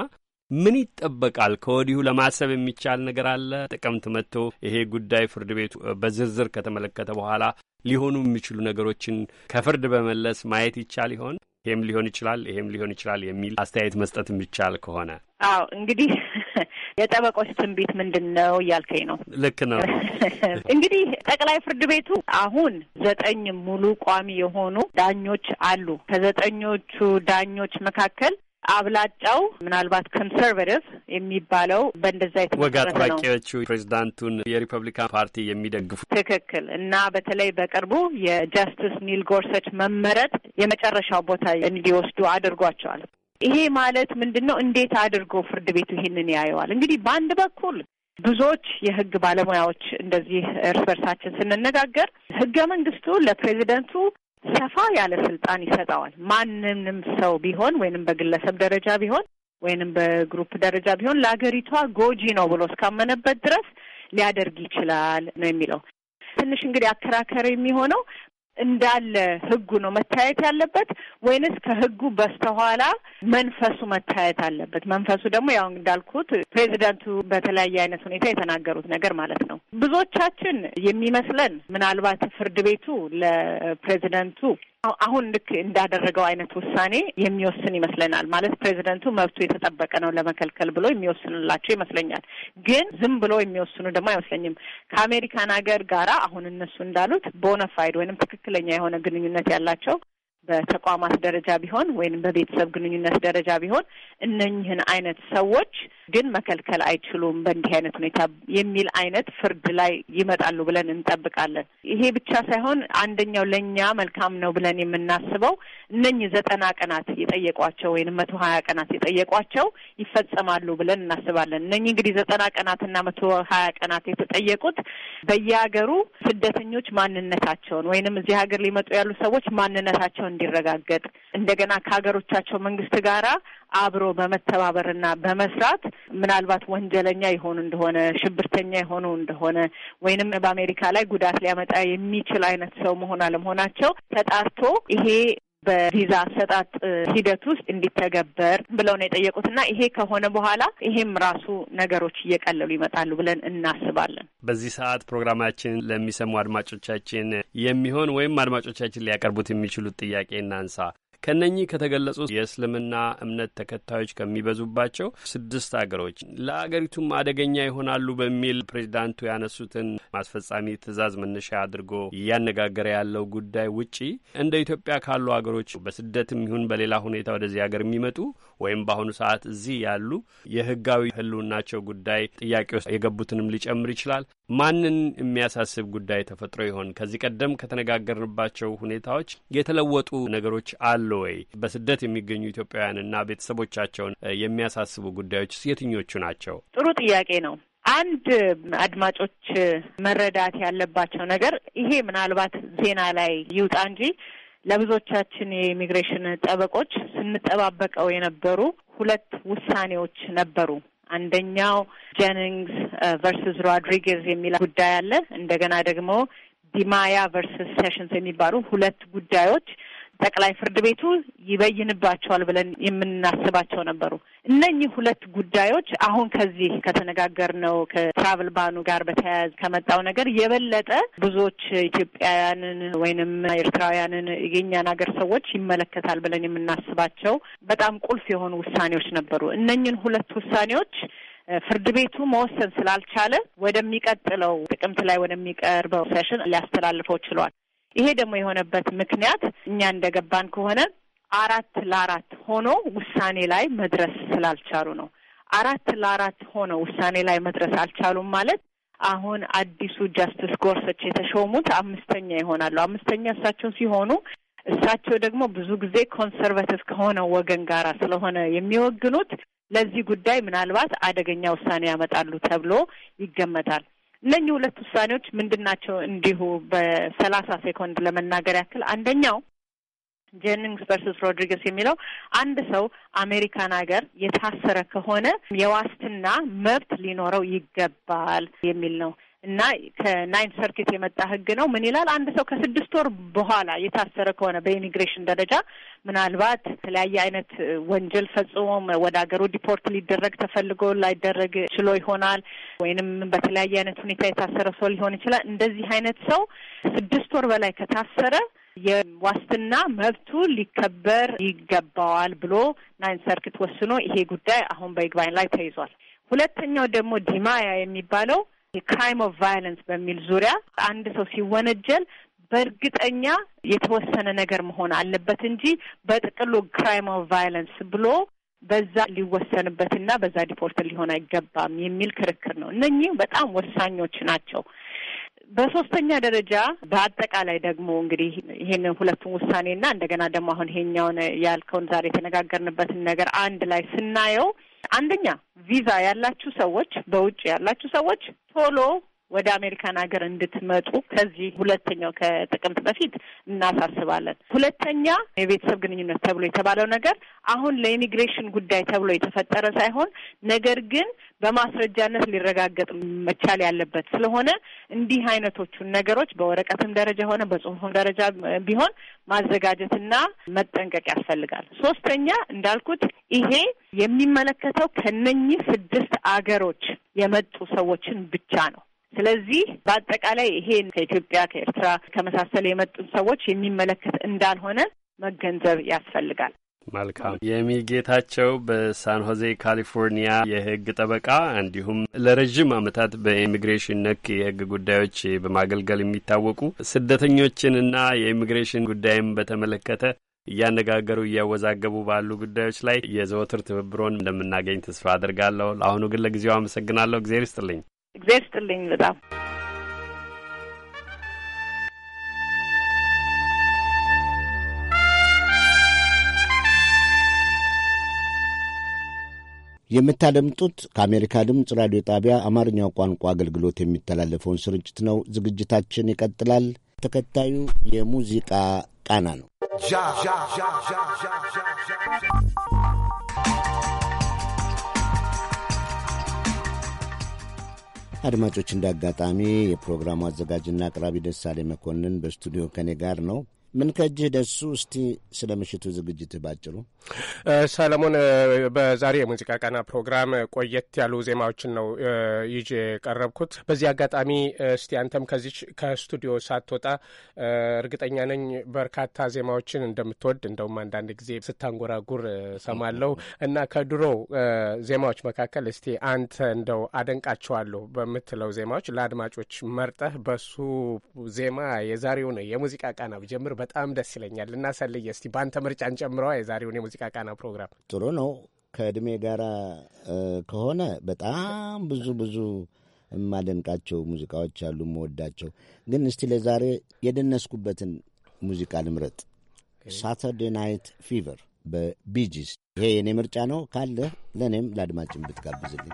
ምን ይጠበቃል? ከወዲሁ ለማሰብ የሚቻል ነገር አለ? ጥቅምት መጥቶ ይሄ ጉዳይ ፍርድ ቤቱ በዝርዝር ከተመለከተ በኋላ ሊሆኑ የሚችሉ ነገሮችን ከፍርድ በመለስ ማየት ይቻል ይሆን? ይሄም ሊሆን ይችላል፣ ይሄም ሊሆን ይችላል የሚል አስተያየት መስጠት የሚቻል ከሆነ አዎ እንግዲህ *laughs* የጠበቆች ትንቢት ምንድን ነው እያልከኝ ነው? ልክ ነው። *laughs* እንግዲህ ጠቅላይ ፍርድ ቤቱ አሁን ዘጠኝ ሙሉ ቋሚ የሆኑ ዳኞች አሉ። ከዘጠኞቹ ዳኞች መካከል አብላጫው ምናልባት ኮንሰርቬቲቭ የሚባለው በእንደዛ ወግ አጥባቂዎቹ ፕሬዚዳንቱን የሪፐብሊካን ፓርቲ የሚደግፉ ትክክል እና በተለይ በቅርቡ የጃስቲስ ኒል ጎርሰች መመረጥ የመጨረሻው ቦታ እንዲወስዱ አድርጓቸዋል። ይሄ ማለት ምንድን ነው? እንዴት አድርጎ ፍርድ ቤቱ ይህንን ያየዋል? እንግዲህ በአንድ በኩል ብዙዎች የህግ ባለሙያዎች እንደዚህ እርስ በርሳችን ስንነጋገር ህገ መንግስቱ ለፕሬዚደንቱ ሰፋ ያለ ስልጣን ይሰጠዋል። ማንንም ሰው ቢሆን ወይንም በግለሰብ ደረጃ ቢሆን ወይንም በግሩፕ ደረጃ ቢሆን ለሀገሪቷ ጎጂ ነው ብሎ እስካመነበት ድረስ ሊያደርግ ይችላል ነው የሚለው። ትንሽ እንግዲህ አከራከር የሚሆነው እንዳለ ህጉ ነው መታየት ያለበት ወይንስ ከህጉ በስተኋላ መንፈሱ መታየት አለበት? መንፈሱ ደግሞ ያው እንዳልኩት ፕሬዚደንቱ በተለያየ አይነት ሁኔታ የተናገሩት ነገር ማለት ነው። ብዙዎቻችን የሚመስለን ምናልባት ፍርድ ቤቱ ለፕሬዚደንቱ አሁን ልክ እንዳደረገው አይነት ውሳኔ የሚወስን ይመስለናል። ማለት ፕሬዚደንቱ መብቱ የተጠበቀ ነው ለመከልከል ብሎ የሚወስንላቸው ይመስለኛል። ግን ዝም ብሎ የሚወስኑ ደግሞ አይመስለኝም። ከአሜሪካን ሀገር ጋራ አሁን እነሱ እንዳሉት ቦነፋይድ ወይንም ትክክለኛ የሆነ ግንኙነት ያላቸው በተቋማት ደረጃ ቢሆን ወይም በቤተሰብ ግንኙነት ደረጃ ቢሆን እነኝህን አይነት ሰዎች ግን መከልከል አይችሉም በእንዲህ አይነት ሁኔታ የሚል አይነት ፍርድ ላይ ይመጣሉ ብለን እንጠብቃለን። ይሄ ብቻ ሳይሆን አንደኛው ለእኛ መልካም ነው ብለን የምናስበው እነኝህ ዘጠና ቀናት የጠየቋቸው ወይም መቶ ሀያ ቀናት የጠየቋቸው ይፈጸማሉ ብለን እናስባለን። እነኝህ እንግዲህ ዘጠና ቀናትና መቶ ሀያ ቀናት የተጠየቁት በየሀገሩ ስደተኞች ማንነታቸውን ወይንም እዚህ ሀገር ሊመጡ ያሉ ሰዎች ማንነታቸውን እንዲረጋገጥ እንደገና ከሀገሮቻቸው መንግስት ጋር አብሮ በመተባበርና በመስራት ምናልባት ወንጀለኛ የሆኑ እንደሆነ ሽብርተኛ የሆኑ እንደሆነ ወይንም በአሜሪካ ላይ ጉዳት ሊያመጣ የሚችል አይነት ሰው መሆን አለመሆናቸው ተጣርቶ ይሄ በቪዛ አሰጣጥ ሂደት ውስጥ እንዲተገበር ብለው ነው እና ይሄ ከሆነ በኋላ ይሄም ራሱ ነገሮች እየቀለሉ ይመጣሉ ብለን እናስባለን። በዚህ ሰዓት ፕሮግራማችን ለሚሰሙ አድማጮቻችን የሚሆን ወይም አድማጮቻችን ሊያቀርቡት የሚችሉት ጥያቄ እናንሳ። ከነኚህ ከተገለጹ የእስልምና እምነት ተከታዮች ከሚበዙባቸው ስድስት አገሮች ለአገሪቱም አደገኛ ይሆናሉ በሚል ፕሬዚዳንቱ ያነሱትን ማስፈጻሚ ትዕዛዝ መነሻ አድርጎ እያነጋገረ ያለው ጉዳይ ውጪ እንደ ኢትዮጵያ ካሉ አገሮች በስደትም ይሁን በሌላ ሁኔታ ወደዚህ ሀገር የሚመጡ ወይም በአሁኑ ሰዓት እዚህ ያሉ የህጋዊ ህልውናቸው ጉዳይ ጥያቄ ውስጥ የገቡትንም ሊጨምር ይችላል። ማንን የሚያሳስብ ጉዳይ ተፈጥሮ ይሆን? ከዚህ ቀደም ከተነጋገርንባቸው ሁኔታዎች የተለወጡ ነገሮች አሉ ወይ? በስደት የሚገኙ ኢትዮጵያውያንና ቤተሰቦቻቸውን የሚያሳስቡ ጉዳዮች የትኞቹ ናቸው? ጥሩ ጥያቄ ነው። አንድ አድማጮች መረዳት ያለባቸው ነገር ይሄ ምናልባት ዜና ላይ ይውጣ እንጂ ለብዙዎቻችን የኢሚግሬሽን ጠበቆች ስንጠባበቀው የነበሩ ሁለት ውሳኔዎች ነበሩ። አንደኛው ጀኒንግስ ቨርስስ ሮድሪጌዝ የሚል ጉዳይ አለ። እንደገና ደግሞ ዲማያ ቨርስስ ሴሽንስ የሚባሉ ሁለት ጉዳዮች ጠቅላይ ፍርድ ቤቱ ይበይንባቸዋል ብለን የምናስባቸው ነበሩ። እነኚህ ሁለት ጉዳዮች አሁን ከዚህ ከተነጋገርነው ከትራቭል ባኑ ጋር በተያያዘ ከመጣው ነገር የበለጠ ብዙዎች ኢትዮጵያውያንን ወይንም ኤርትራውያንን የኛን ሀገር ሰዎች ይመለከታል ብለን የምናስባቸው በጣም ቁልፍ የሆኑ ውሳኔዎች ነበሩ። እነኝን ሁለት ውሳኔዎች ፍርድ ቤቱ መወሰን ስላልቻለ ወደሚቀጥለው ጥቅምት ላይ ወደሚቀርበው ሴሽን ሊያስተላልፈው ችሏል። ይሄ ደግሞ የሆነበት ምክንያት እኛ እንደገባን ከሆነ አራት ለአራት ሆኖ ውሳኔ ላይ መድረስ ስላልቻሉ ነው። አራት ለአራት ሆኖ ውሳኔ ላይ መድረስ አልቻሉም ማለት አሁን አዲሱ ጃስቲስ ጎርሰች የተሾሙት አምስተኛ ይሆናሉ። አምስተኛ እሳቸው ሲሆኑ እሳቸው ደግሞ ብዙ ጊዜ ኮንሰርቫቲቭ ከሆነ ወገን ጋር ስለሆነ የሚወግኑት ለዚህ ጉዳይ ምናልባት አደገኛ ውሳኔ ያመጣሉ ተብሎ ይገመታል። ለእኚህ ሁለት ውሳኔዎች ምንድን ናቸው? እንዲሁ በሰላሳ ሴኮንድ ለመናገር ያክል አንደኛው ጄኒንግስ ቨርስስ ሮድሪገስ የሚለው አንድ ሰው አሜሪካን ሀገር የታሰረ ከሆነ የዋስትና መብት ሊኖረው ይገባል የሚል ነው። እና ከናይንት ሰርኪት የመጣ ህግ ነው። ምን ይላል? አንድ ሰው ከስድስት ወር በኋላ የታሰረ ከሆነ በኢሚግሬሽን ደረጃ ምናልባት የተለያየ አይነት ወንጀል ፈጽሞም ወደ ሀገሩ ዲፖርት ሊደረግ ተፈልጎ ላይደረግ ችሎ ይሆናል፣ ወይንም በተለያየ አይነት ሁኔታ የታሰረ ሰው ሊሆን ይችላል። እንደዚህ አይነት ሰው ስድስት ወር በላይ ከታሰረ የዋስትና መብቱ ሊከበር ይገባዋል ብሎ ናይንት ሰርኪት ወስኖ ይሄ ጉዳይ አሁን በይግባኝ ላይ ተይዟል። ሁለተኛው ደግሞ ዲማያ የሚባለው የክራይም ኦፍ ቫይለንስ በሚል ዙሪያ አንድ ሰው ሲወነጀል በእርግጠኛ የተወሰነ ነገር መሆን አለበት እንጂ በጥቅሉ ክራይም ኦፍ ቫይለንስ ብሎ በዛ ሊወሰንበትና በዛ ዲፖርት ሊሆን አይገባም የሚል ክርክር ነው። እነኚህ በጣም ወሳኞች ናቸው። በሶስተኛ ደረጃ በአጠቃላይ ደግሞ እንግዲህ ይህን ሁለቱን ውሳኔና እንደገና ደግሞ አሁን ይሄኛውን ያልከውን ዛሬ የተነጋገርንበትን ነገር አንድ ላይ ስናየው አንደኛ ቪዛ ያላችሁ ሰዎች፣ በውጭ ያላችሁ ሰዎች ቶሎ ወደ አሜሪካን ሀገር እንድትመጡ ከዚህ ሁለተኛው ከጥቅምት በፊት እናሳስባለን። ሁለተኛ የቤተሰብ ግንኙነት ተብሎ የተባለው ነገር አሁን ለኢሚግሬሽን ጉዳይ ተብሎ የተፈጠረ ሳይሆን ነገር ግን በማስረጃነት ሊረጋገጥ መቻል ያለበት ስለሆነ እንዲህ አይነቶቹን ነገሮች በወረቀትም ደረጃ ሆነ በጽሁፍም ደረጃ ቢሆን ማዘጋጀትና መጠንቀቅ ያስፈልጋል። ሶስተኛ እንዳልኩት ይሄ የሚመለከተው ከነኚህ ስድስት አገሮች የመጡ ሰዎችን ብቻ ነው። ስለዚህ በአጠቃላይ ይሄን ከኢትዮጵያ ከኤርትራ ከመሳሰል የመጡ ሰዎች የሚመለከት እንዳልሆነ መገንዘብ ያስፈልጋል። መልካም የሚጌታቸው በሳን ሆዜ ካሊፎርኒያ የህግ ጠበቃ እንዲሁም ለረዥም አመታት በኢሚግሬሽን ነክ የህግ ጉዳዮች በማገልገል የሚታወቁ ስደተኞችንና የኢሚግሬሽን ጉዳይም በተመለከተ እያነጋገሩ እያወዛገቡ ባሉ ጉዳዮች ላይ የዘወትር ትብብሮን እንደምናገኝ ተስፋ አድርጋለሁ። ለአሁኑ ግን ለጊዜው አመሰግናለሁ። እግዜር ይስጥልኝ። እግዚአብሔር ስጥልኝ በጣም የምታደምጡት ከአሜሪካ ድምፅ ራዲዮ ጣቢያ አማርኛው ቋንቋ አገልግሎት የሚተላለፈውን ስርጭት ነው። ዝግጅታችን ይቀጥላል። ተከታዩ የሙዚቃ ቃና ነው። አድማጮች፣ እንደ አጋጣሚ የፕሮግራሙ አዘጋጅና አቅራቢ ደሳሌ መኮንን በስቱዲዮ ከኔ ጋር ነው። ምን ከእጅህ ደሱ እስቲ ስለ ምሽቱ ዝግጅት ባጭሩ። ሰለሞን፣ በዛሬ የሙዚቃ ቀና ፕሮግራም ቆየት ያሉ ዜማዎችን ነው ይዤ የቀረብኩት። በዚህ አጋጣሚ እስቲ አንተም ከዚች ከስቱዲዮ ሳትወጣ እርግጠኛ ነኝ በርካታ ዜማዎችን እንደምትወድ እንደውም አንዳንድ ጊዜ ስታንጎራጉር ሰማለሁ እና ከድሮ ዜማዎች መካከል እስቲ አንተ እንደው አደንቃቸዋለሁ በምትለው ዜማዎች ለአድማጮች መርጠህ በሱ ዜማ የዛሬውን የሙዚቃ ቃና ብጀምር በጣም ደስ ይለኛል። እናሳልይ እስቲ በአንተ ምርጫን ጨምረዋ የዛሬውን የሙዚቃ ቃና ፕሮግራም ጥሩ ነው። ከእድሜ ጋር ከሆነ በጣም ብዙ ብዙ የማደንቃቸው ሙዚቃዎች አሉ፣ የምወዳቸው ግን እስቲ ለዛሬ የደነስኩበትን ሙዚቃ ልምረጥ። ሳተርዴ ናይት ፊቨር በቢጂስ። ይሄ የኔ ምርጫ ነው። ካለህ ለእኔም ለአድማጭን ብትጋብዝልኝ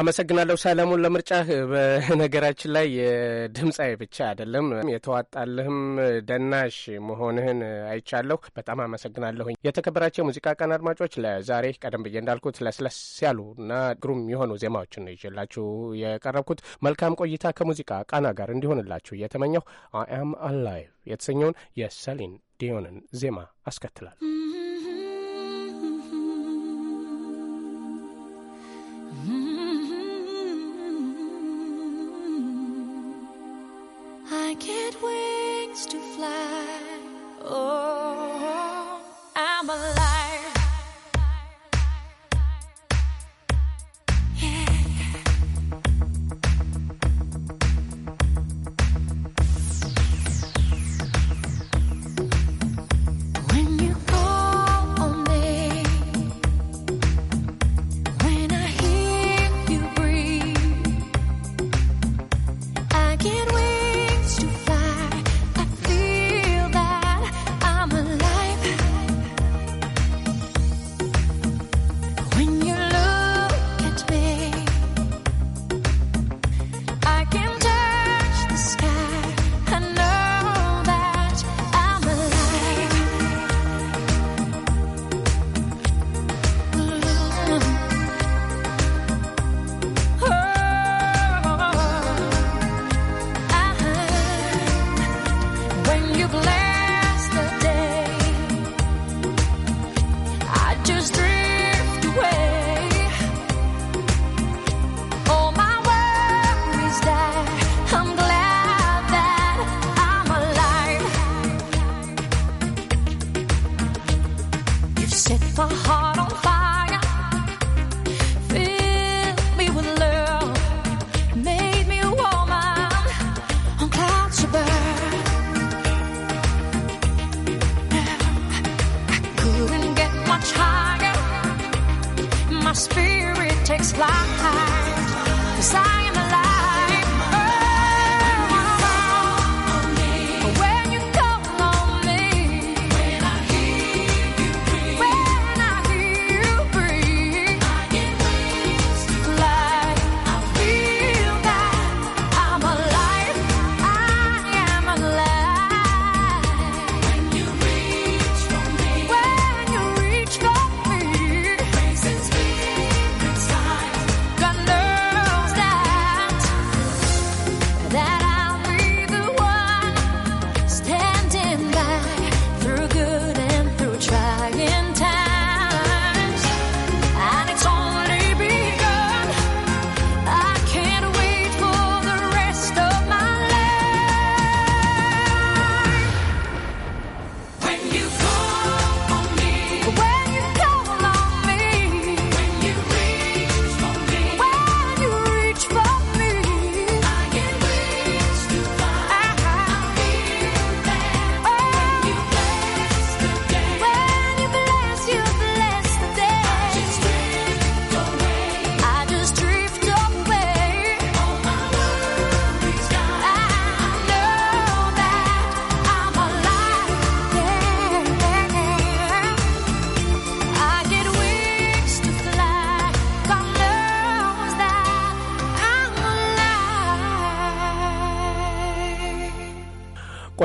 አመሰግናለሁ ሰለሞን ለምርጫህ። በነገራችን ላይ ድምፃዊ ብቻ አይደለም የተዋጣልህም ደናሽ መሆንህን አይቻለሁ። በጣም አመሰግናለሁኝ። የተከበራቸው የሙዚቃ ቀን አድማጮች፣ ለዛሬ ቀደም ብዬ እንዳልኩት ለስለስ ያሉ እና ግሩም የሆኑ ዜማዎችን ነው ይዤላችሁ የቀረብኩት። መልካም ቆይታ ከሙዚቃ ቃና ጋር እንዲሆንላችሁ እየተመኘሁ አይ አም አላይቭ የተሰኘውን የሰሊን ዲዮንን ዜማ አስከትላል። I get wings to fly. Oh, I'm alive.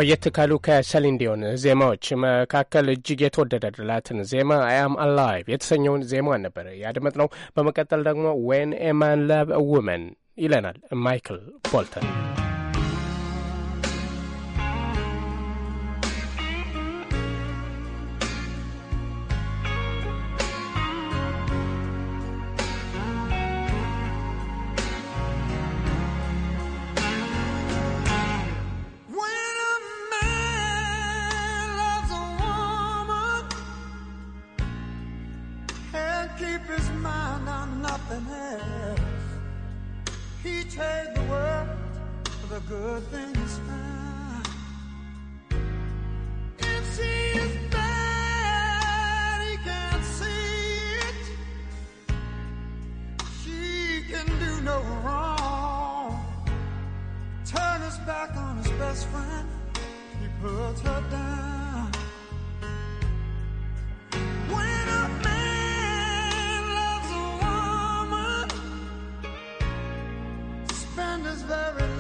ቆየት ካሉ ከሰሊን ዲዮን ዜማዎች መካከል እጅግ የተወደደላትን ዜማ አያም አላይቭ የተሰኘውን ዜማ ነበር ያደመጥነው። በመቀጠል ደግሞ ዌን ኤ ማን ላቭ ውመን ይለናል ማይክል ቦልተን። something else. He trade the world for the good things found. If she is bad, he can't see it. She can do no wrong. Turn his back on his best friend. He puts her down. When a man is very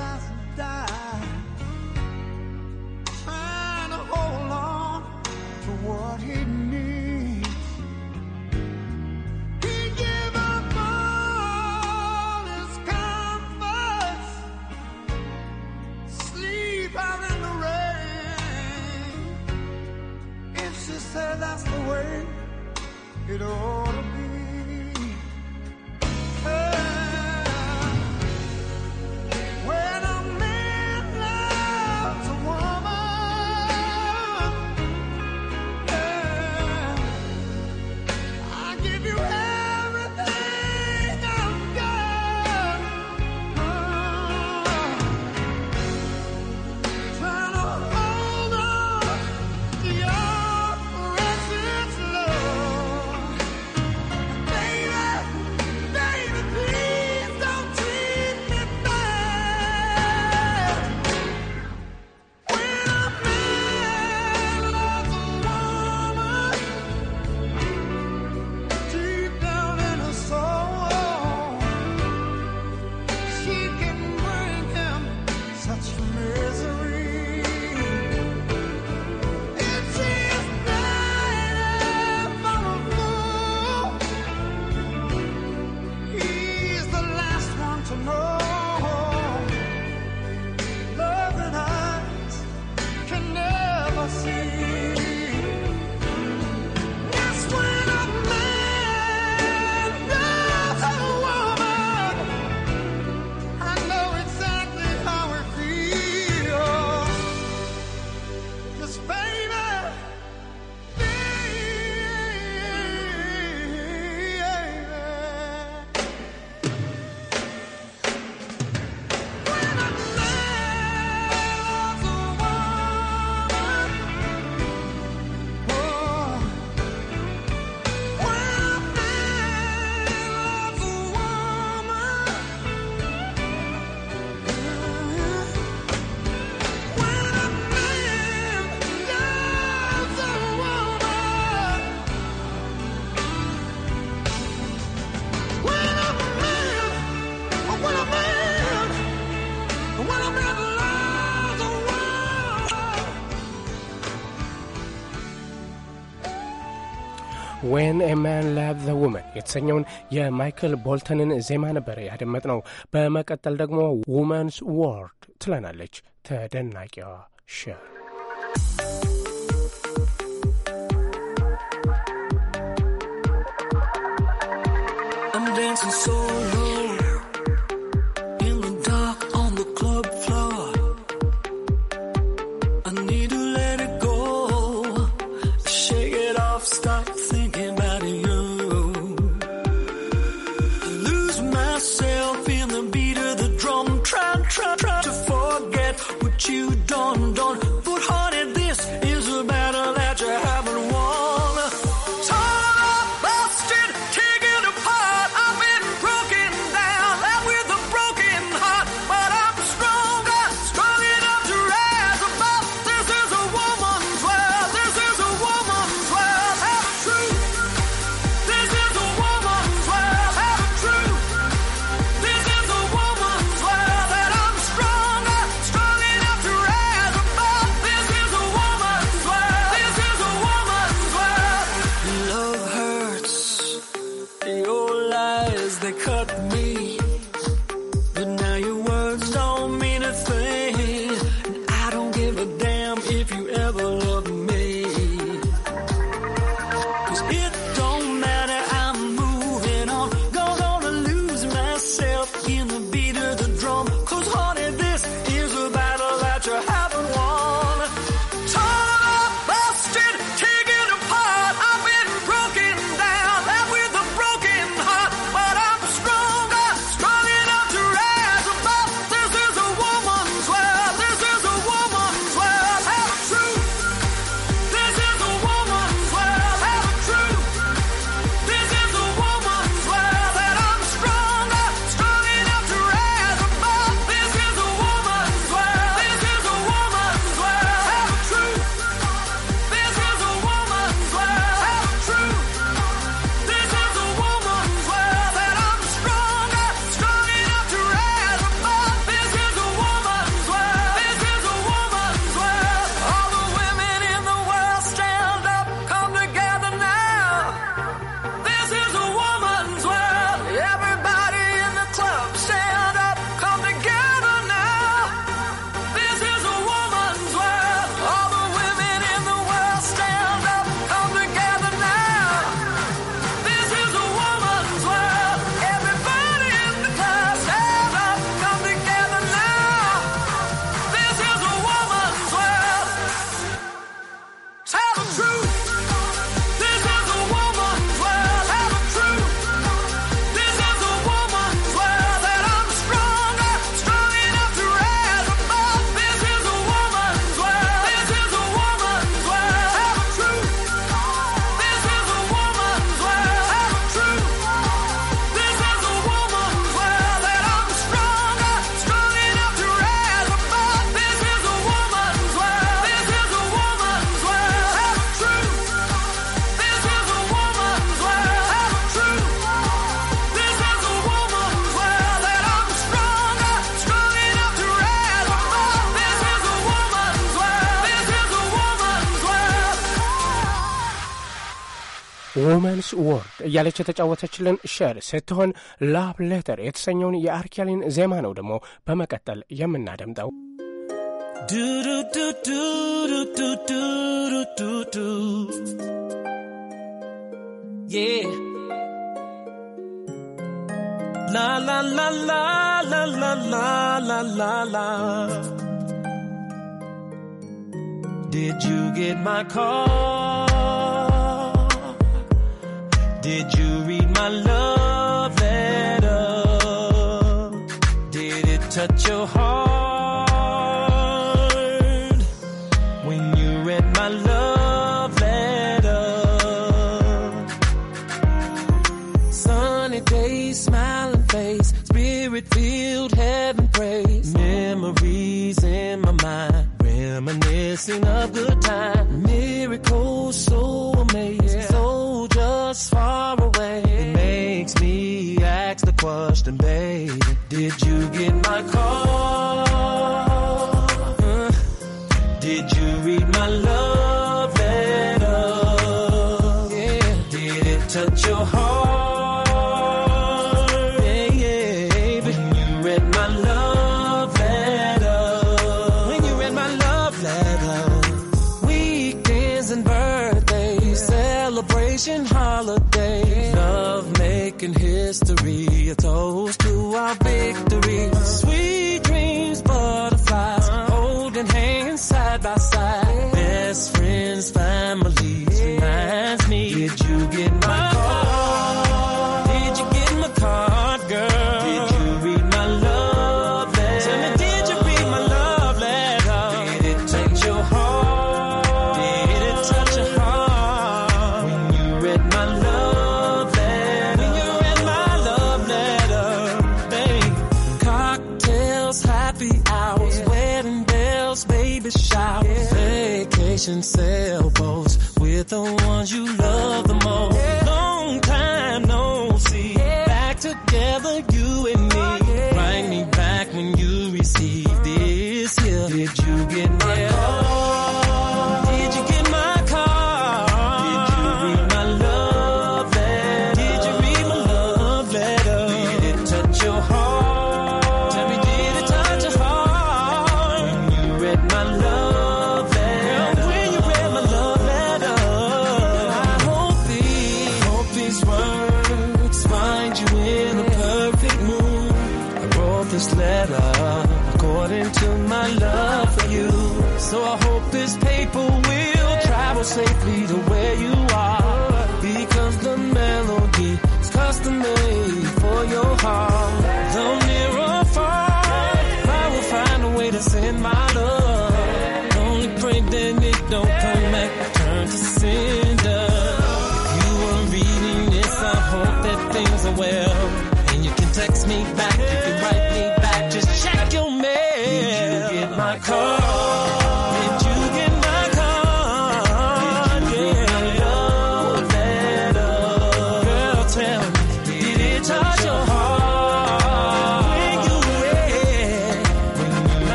ዌን ኤማን ላቭ ዘ ውመን የተሰኘውን የማይክል ቦልተንን ዜማ ነበር ያደመጥነው። በመቀጠል ደግሞ ውመንስ ዎርድ ትለናለች ተደናቂዋ ሸር። I'm dancing so ዊመንስ ወርድ እያለች የተጫወተችልን ሸር ስትሆን ላቭ ሌተር የተሰኘውን የአርኬሊን ዜማ ነው ደግሞ በመቀጠል የምናደምጠው። Did you get my call? Did you read my love letter? Did it touch your heart when you read my love letter? Sunny days, smiling face, spirit filled, heaven praise. Memories in my mind, reminiscing of good question, baby. Did you get my call?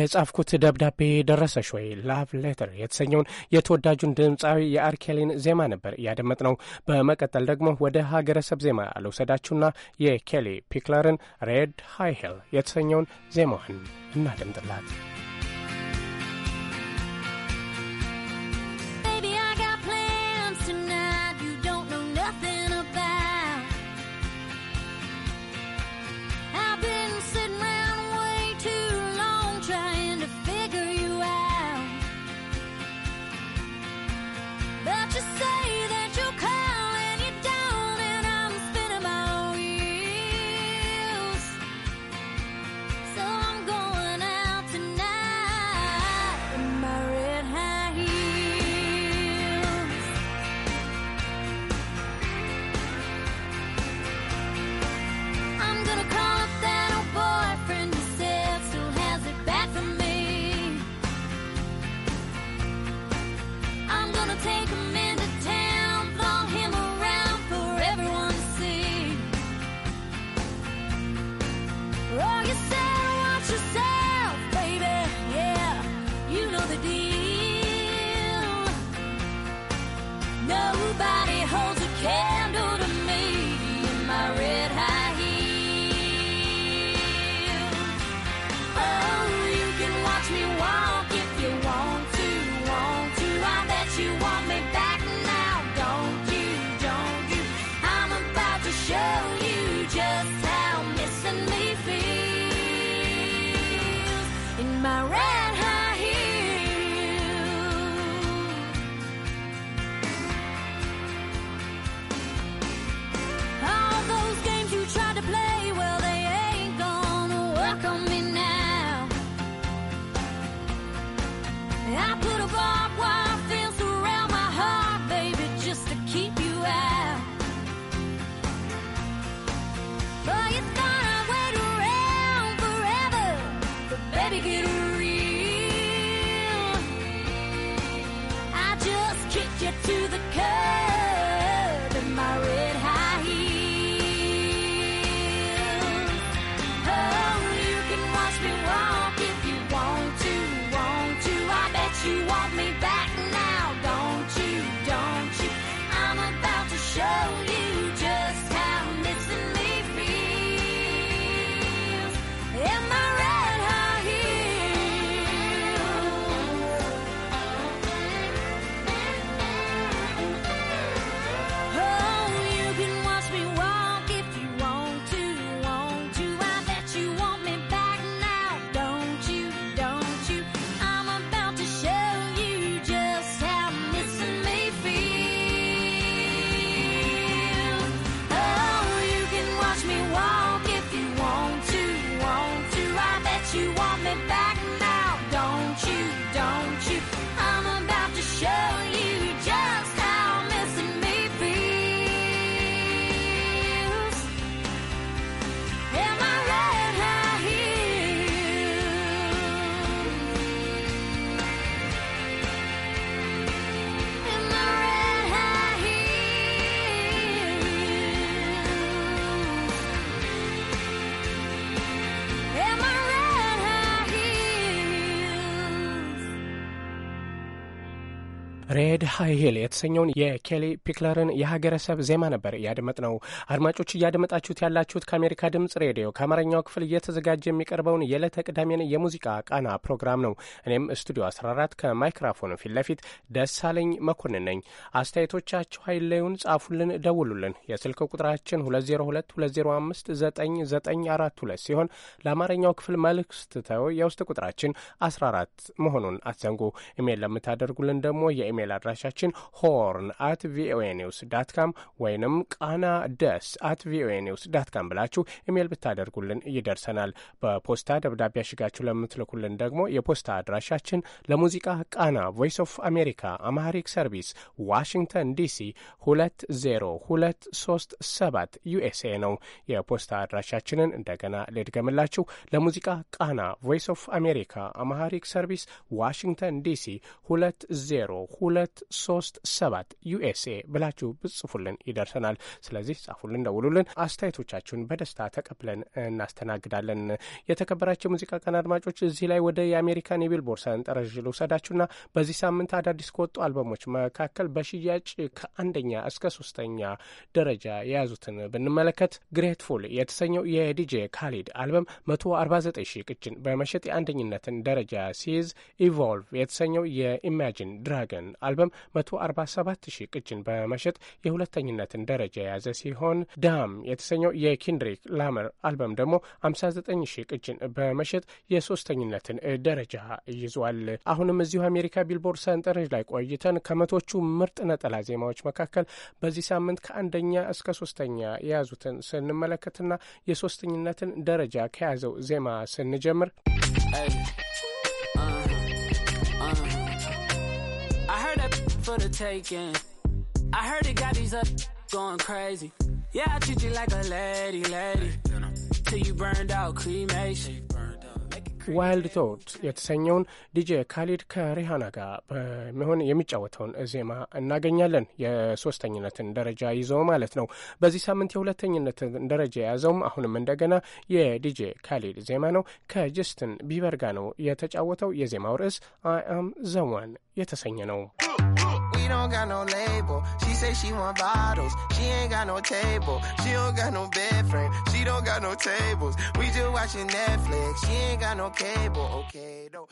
የጻፍኩት ደብዳቤ ደረሰሽ ወይ ላቭ ሌተር የተሰኘውን የተወዳጁን ድምፃዊ የአርኬሊን ዜማ ነበር እያደመጥ ነው። በመቀጠል ደግሞ ወደ ሀገረሰብ ዜማ አልውሰዳችሁና የኬሊ ፒክለርን ሬድ ሃይ የተሰኘውን ዜማዋን እናደምጥላት። I put a barbed wire. ሬድ ሃይል የተሰኘውን የኬሊ ፒክለርን የሀገረሰብ ዜማ ነበር ነው። አድማጮች እያደመጣችሁት ያላችሁት ከአሜሪካ ድምጽ ሬዲዮ ከአማርኛው ክፍል እየተዘጋጀ የሚቀርበውን የዕለተ ቅዳሜን የሙዚቃ ቃና ፕሮግራም ነው። እኔም ስቱዲዮ 14 ከማይክሮፎን ፊት ለፊት ደሳለኝ መኮንን ነኝ። አስተያየቶቻችሁ ኃይለዩን ጻፉልን፣ ደውሉልን። የስልክ ቁጥራችን 2022059942 ሲሆን ለአማርኛው ክፍል መልክ ስትተው የውስጥ ቁጥራችን 14 መሆኑን አትዘንጉ። ኢሜል ለምታደርጉልን ደግሞ የኢሜል የኢሜይል አድራሻችን ሆርን አት ቪኦኤ ኒውስ ዳት ካም ወይንም ቃና ደስ አት ቪኦኤ ኒውስ ዳት ካም ብላችሁ ኢሜይል ብታደርጉልን ይደርሰናል። በፖስታ ደብዳቤ ያሽጋችሁ ለምትልኩልን ደግሞ የፖስታ አድራሻችን ለሙዚቃ ቃና ቮይስ ኦፍ አሜሪካ አማሪክ ሰርቪስ ዋሽንግተን ዲሲ ሰባት ዩኤስኤ ነው። የፖስታ አድራሻችንን እንደገና ልድገምላችሁ። ለሙዚቃ ቃና ቮይስ ኦፍ አሜሪካ አማሪክ ሰርቪስ ዋሽንግተን ዲሲ 202 ሁለት ሶስት ሰባት ዩኤስኤ ብላችሁ ብጽፉልን ይደርሰናል። ስለዚህ ጻፉልን፣ ደውሉልን። አስተያየቶቻችሁን በደስታ ተቀብለን እናስተናግዳለን። የተከበራቸው የሙዚቃ ቀን አድማጮች፣ እዚህ ላይ ወደ የአሜሪካን የቢልቦርድ ሰንጠረዥ ልውሰዳችሁና በዚህ ሳምንት አዳዲስ ከወጡ አልበሞች መካከል በሽያጭ ከአንደኛ እስከ ሶስተኛ ደረጃ የያዙትን ብንመለከት ግሬትፉል የተሰኘው የዲጄ ካሊድ አልበም 149 ሺህ ቅጅን በመሸጥ የአንደኝነትን ደረጃ ሲይዝ ኢቮልቭ የተሰኘው የኢማጂን ድራገን አልበም 147,000 ቅጅን በመሸጥ የሁለተኝነትን ደረጃ የያዘ ሲሆን ዳም የተሰኘው የኪንድሪክ ላመር አልበም ደግሞ 59,000 ቅጅን በመሸጥ የሶስተኝነትን ደረጃ ይዟል። አሁንም እዚሁ አሜሪካ ቢልቦርድ ሰንጠረዥ ላይ ቆይተን ከመቶቹ ምርጥ ነጠላ ዜማዎች መካከል በዚህ ሳምንት ከአንደኛ እስከ ሶስተኛ የያዙትን ስንመለከትና የሶስተኝነትን ደረጃ ከያዘው ዜማ ስንጀምር for the taking. I heard it got these up going crazy. Yeah, I treat you like a lady, lady. Till you burned out cremation. ዋይልድ ቶት የተሰኘውን ዲጄ ካሊድ ከሪሃና ጋር በመሆን የሚጫወተውን ዜማ እናገኛለን። የሶስተኝነትን ደረጃ ይዞ ማለት ነው። በዚህ ሳምንት የሁለተኝነትን ደረጃ የያዘውም አሁንም እንደገና የዲጄ ካሊድ ዜማ ነው። ከጀስትን ቢበር ጋር ነው የተጫወተው። የዜማው ርዕስ አይ አም ዘዋን የተሰኘ ነው። got no label. She say she want bottles. She ain't got no table. She don't got no bed frame. She don't got no tables. We just watching Netflix. She ain't got no cable. Okay, no.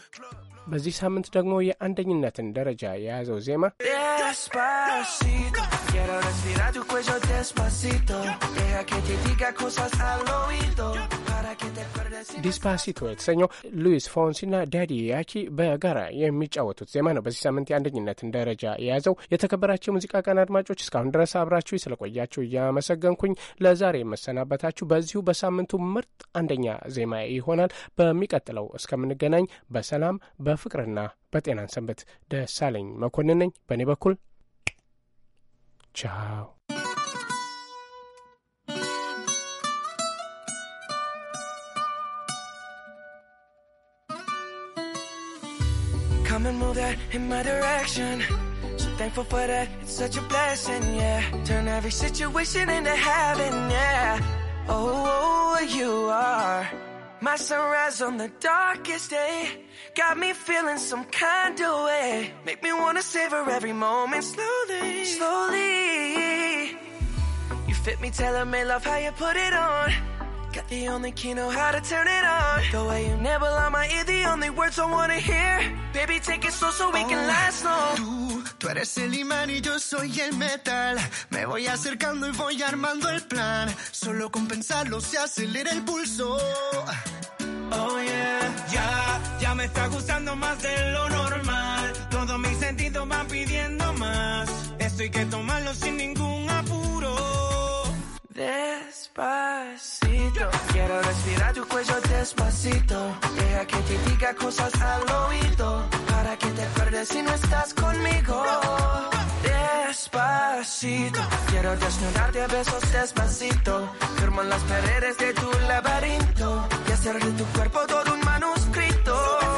በዚህ ሳምንት ደግሞ የአንደኝነትን ደረጃ የያዘው ዜማ Despacito Quiero respirar tu cuello despacito. Deja que te diga cosas al oído. ዲስፓሲቶ የተሰኘው ሉዊስ ፎንሲና ዳዲ ያኪ በጋራ የሚጫወቱት ዜማ ነው በዚህ ሳምንት የአንደኝነትን ደረጃ የያዘው። የተከበራቸው የሙዚቃ ቀን አድማጮች እስካሁን ድረስ አብራችሁ ስለቆያችሁ እያመሰገንኩኝ ለዛሬ የመሰናበታችሁ በዚሁ በሳምንቱ ምርጥ አንደኛ ዜማ ይሆናል። በሚቀጥለው እስከምንገናኝ በሰላም በፍቅርና በጤናን ሰንበት። ደሳለኝ መኮንን ነኝ በእኔ በኩል Ciao. Come and move that in my direction. So thankful for that, it's such a blessing, yeah. Turn every situation into heaven, yeah. Oh, oh, oh you are my sunrise on the darkest day got me feeling some kind of way. Make me wanna savor every moment slowly, slowly. You fit me, tell me love how you put it on. Got the only key know how to turn it on. The way you never on my ear, the only words I wanna hear. Baby, take it slow so we oh, can last long. Dude. Tú eres el imán y yo soy el metal. Me voy acercando y voy armando el plan. Solo con pensarlo se acelera el pulso. Oh yeah, ya, ya me está gustando más de lo normal. Todos mis sentidos van pidiendo más. Esto hay que tomarlo sin ningún apuro. Después Despacito, quiero respirar tu cuello despacito. Deja que te diga cosas al oído. Para que te pierdas si no estás conmigo. Despacito, quiero desnudarte a besos despacito. Firmo en las paredes de tu laberinto. Y hacer de tu cuerpo todo un manuscrito.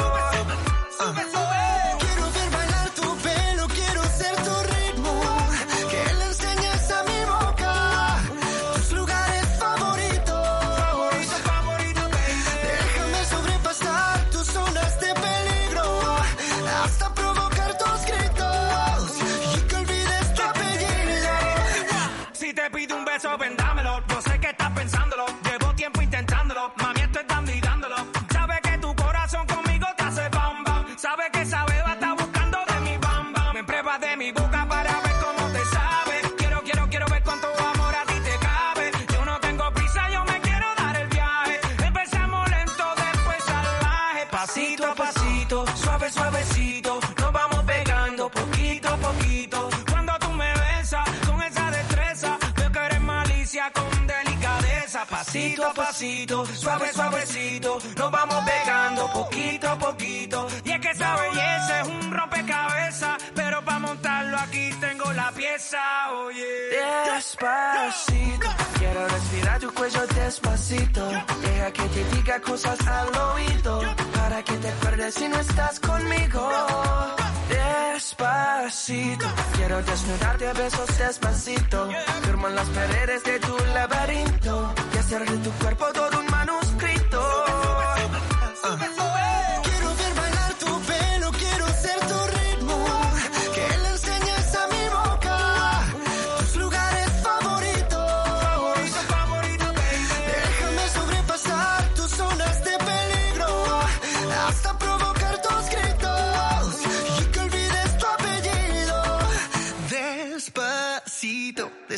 suave, suavecito, nos vamos pegando poquito a poquito. Y es que esa belleza es un rompecabezas, pero para montarlo aquí tengo la pieza, oye. Despacito, quiero respirar tu cuello despacito. Deja que te diga cosas al oído, para que te acuerdes si no estás conmigo. Despacito, quiero desnudarte a besos despacito. Firmo en las paredes de tu laberinto de tu cuerpo todo un manuscrito. Ah.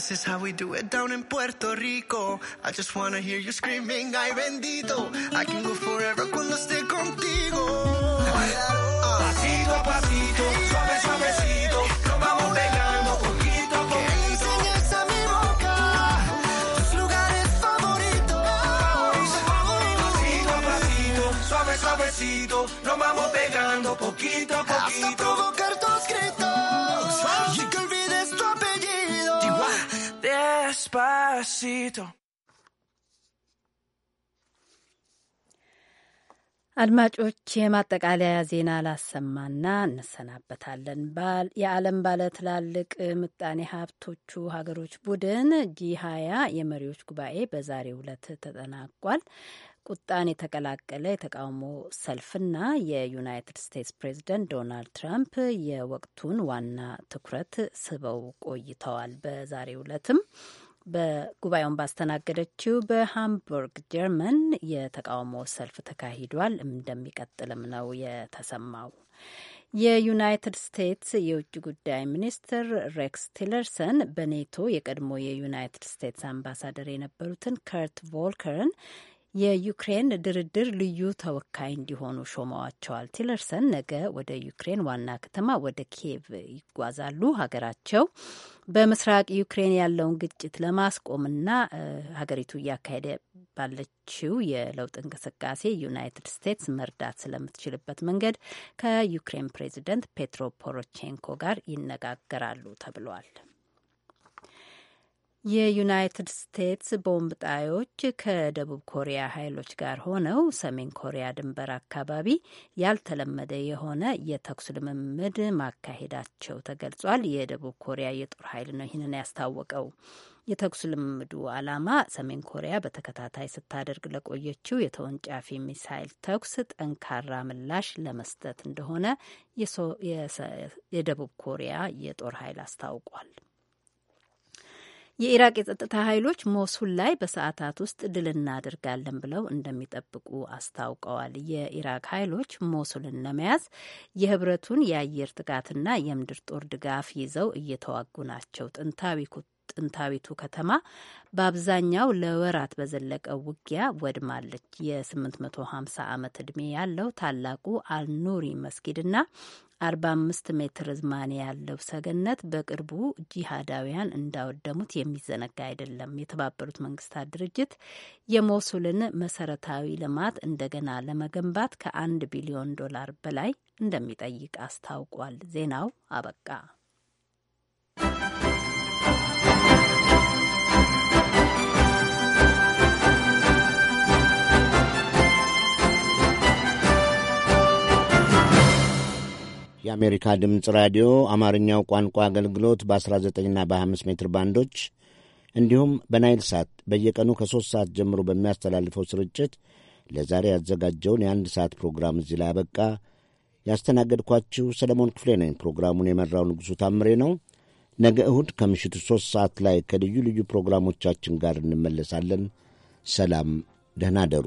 This is how we do it down in Puerto Rico. I just wanna hear you screaming, ay bendito. I can go forever cuando esté contigo. Pasito a pasito, suave suavecito, nos vamos pegando poquito a poquito. Que enseñes a mi boca tus lugares favoritos. Favorito, Pasito a pasito, suave suavecito, nos vamos pegando poquito a poquito. Hasta provocarte despacito. አድማጮች የማጠቃለያ ዜና ላሰማና እንሰናበታለን። የዓለም ባለ ትላልቅ ምጣኔ ሀብቶቹ ሀገሮች ቡድን ጂ ሀያ የመሪዎች ጉባኤ በዛሬው ዕለት ተጠናቋል። ቁጣን የተቀላቀለ የተቃውሞ ሰልፍና የዩናይትድ ስቴትስ ፕሬዚደንት ዶናልድ ትራምፕ የወቅቱን ዋና ትኩረት ስበው ቆይተዋል። በዛሬው ዕለትም በጉባኤውን ባስተናገደችው በሃምቡርግ ጀርመን የተቃውሞ ሰልፍ ተካሂዷል። እንደሚቀጥልም ነው የተሰማው። የዩናይትድ ስቴትስ የውጭ ጉዳይ ሚኒስትር ሬክስ ቲለርሰን በኔቶ የቀድሞ የዩናይትድ ስቴትስ አምባሳደር የነበሩትን ከርት ቮልከርን የዩክሬን ድርድር ልዩ ተወካይ እንዲሆኑ ሾመዋቸዋል። ቲለርሰን ነገ ወደ ዩክሬን ዋና ከተማ ወደ ኪየቭ ይጓዛሉ። ሀገራቸው በምስራቅ ዩክሬን ያለውን ግጭት ለማስቆምና ሀገሪቱ እያካሄደ ባለችው የለውጥ እንቅስቃሴ ዩናይትድ ስቴትስ መርዳት ስለምትችልበት መንገድ ከዩክሬን ፕሬዚደንት ፔትሮ ፖሮቼንኮ ጋር ይነጋገራሉ ተብሏል። የዩናይትድ ስቴትስ ቦምብ ጣዮች ከደቡብ ኮሪያ ኃይሎች ጋር ሆነው ሰሜን ኮሪያ ድንበር አካባቢ ያልተለመደ የሆነ የተኩስ ልምምድ ማካሄዳቸው ተገልጿል። የደቡብ ኮሪያ የጦር ኃይል ነው ይህንን ያስታወቀው። የተኩስ ልምምዱ ዓላማ ሰሜን ኮሪያ በተከታታይ ስታደርግ ለቆየችው የተወንጫፊ ሚሳይል ተኩስ ጠንካራ ምላሽ ለመስጠት እንደሆነ የደቡብ ኮሪያ የጦር ኃይል አስታውቋል። የኢራቅ የጸጥታ ኃይሎች ሞሱል ላይ በሰዓታት ውስጥ ድል እናደርጋለን ብለው እንደሚጠብቁ አስታውቀዋል። የኢራቅ ኃይሎች ሞሱልን ለመያዝ የህብረቱን የአየር ጥቃትና የምድር ጦር ድጋፍ ይዘው እየተዋጉ ናቸው። ጥንታዊ ጥንታዊቱ ከተማ በአብዛኛው ለወራት በዘለቀው ውጊያ ወድማለች። የ850 ዓመት ዕድሜ ያለው ታላቁ አልኑሪ መስጊድና 45 ሜትር ዝማኔ ያለው ሰገነት በቅርቡ ጂሃዳውያን እንዳወደሙት የሚዘነጋ አይደለም። የተባበሩት መንግስታት ድርጅት የሞሱልን መሰረታዊ ልማት እንደገና ለመገንባት ከአንድ ቢሊዮን ዶላር በላይ እንደሚጠይቅ አስታውቋል። ዜናው አበቃ። የአሜሪካ ድምፅ ራዲዮ አማርኛው ቋንቋ አገልግሎት በ19ና በ 5 ሜትር ባንዶች እንዲሁም በናይል ሳት በየቀኑ ከሦስት ሰዓት ጀምሮ በሚያስተላልፈው ስርጭት ለዛሬ ያዘጋጀውን የአንድ ሰዓት ፕሮግራም እዚህ ላይ አበቃ። ያስተናገድኳችሁ ሰለሞን ክፍሌ ነኝ። ፕሮግራሙን የመራው ንጉሡ ታምሬ ነው። ነገ እሁድ ከምሽቱ ሦስት ሰዓት ላይ ከልዩ ልዩ ፕሮግራሞቻችን ጋር እንመለሳለን። ሰላም፣ ደህና ደሩ።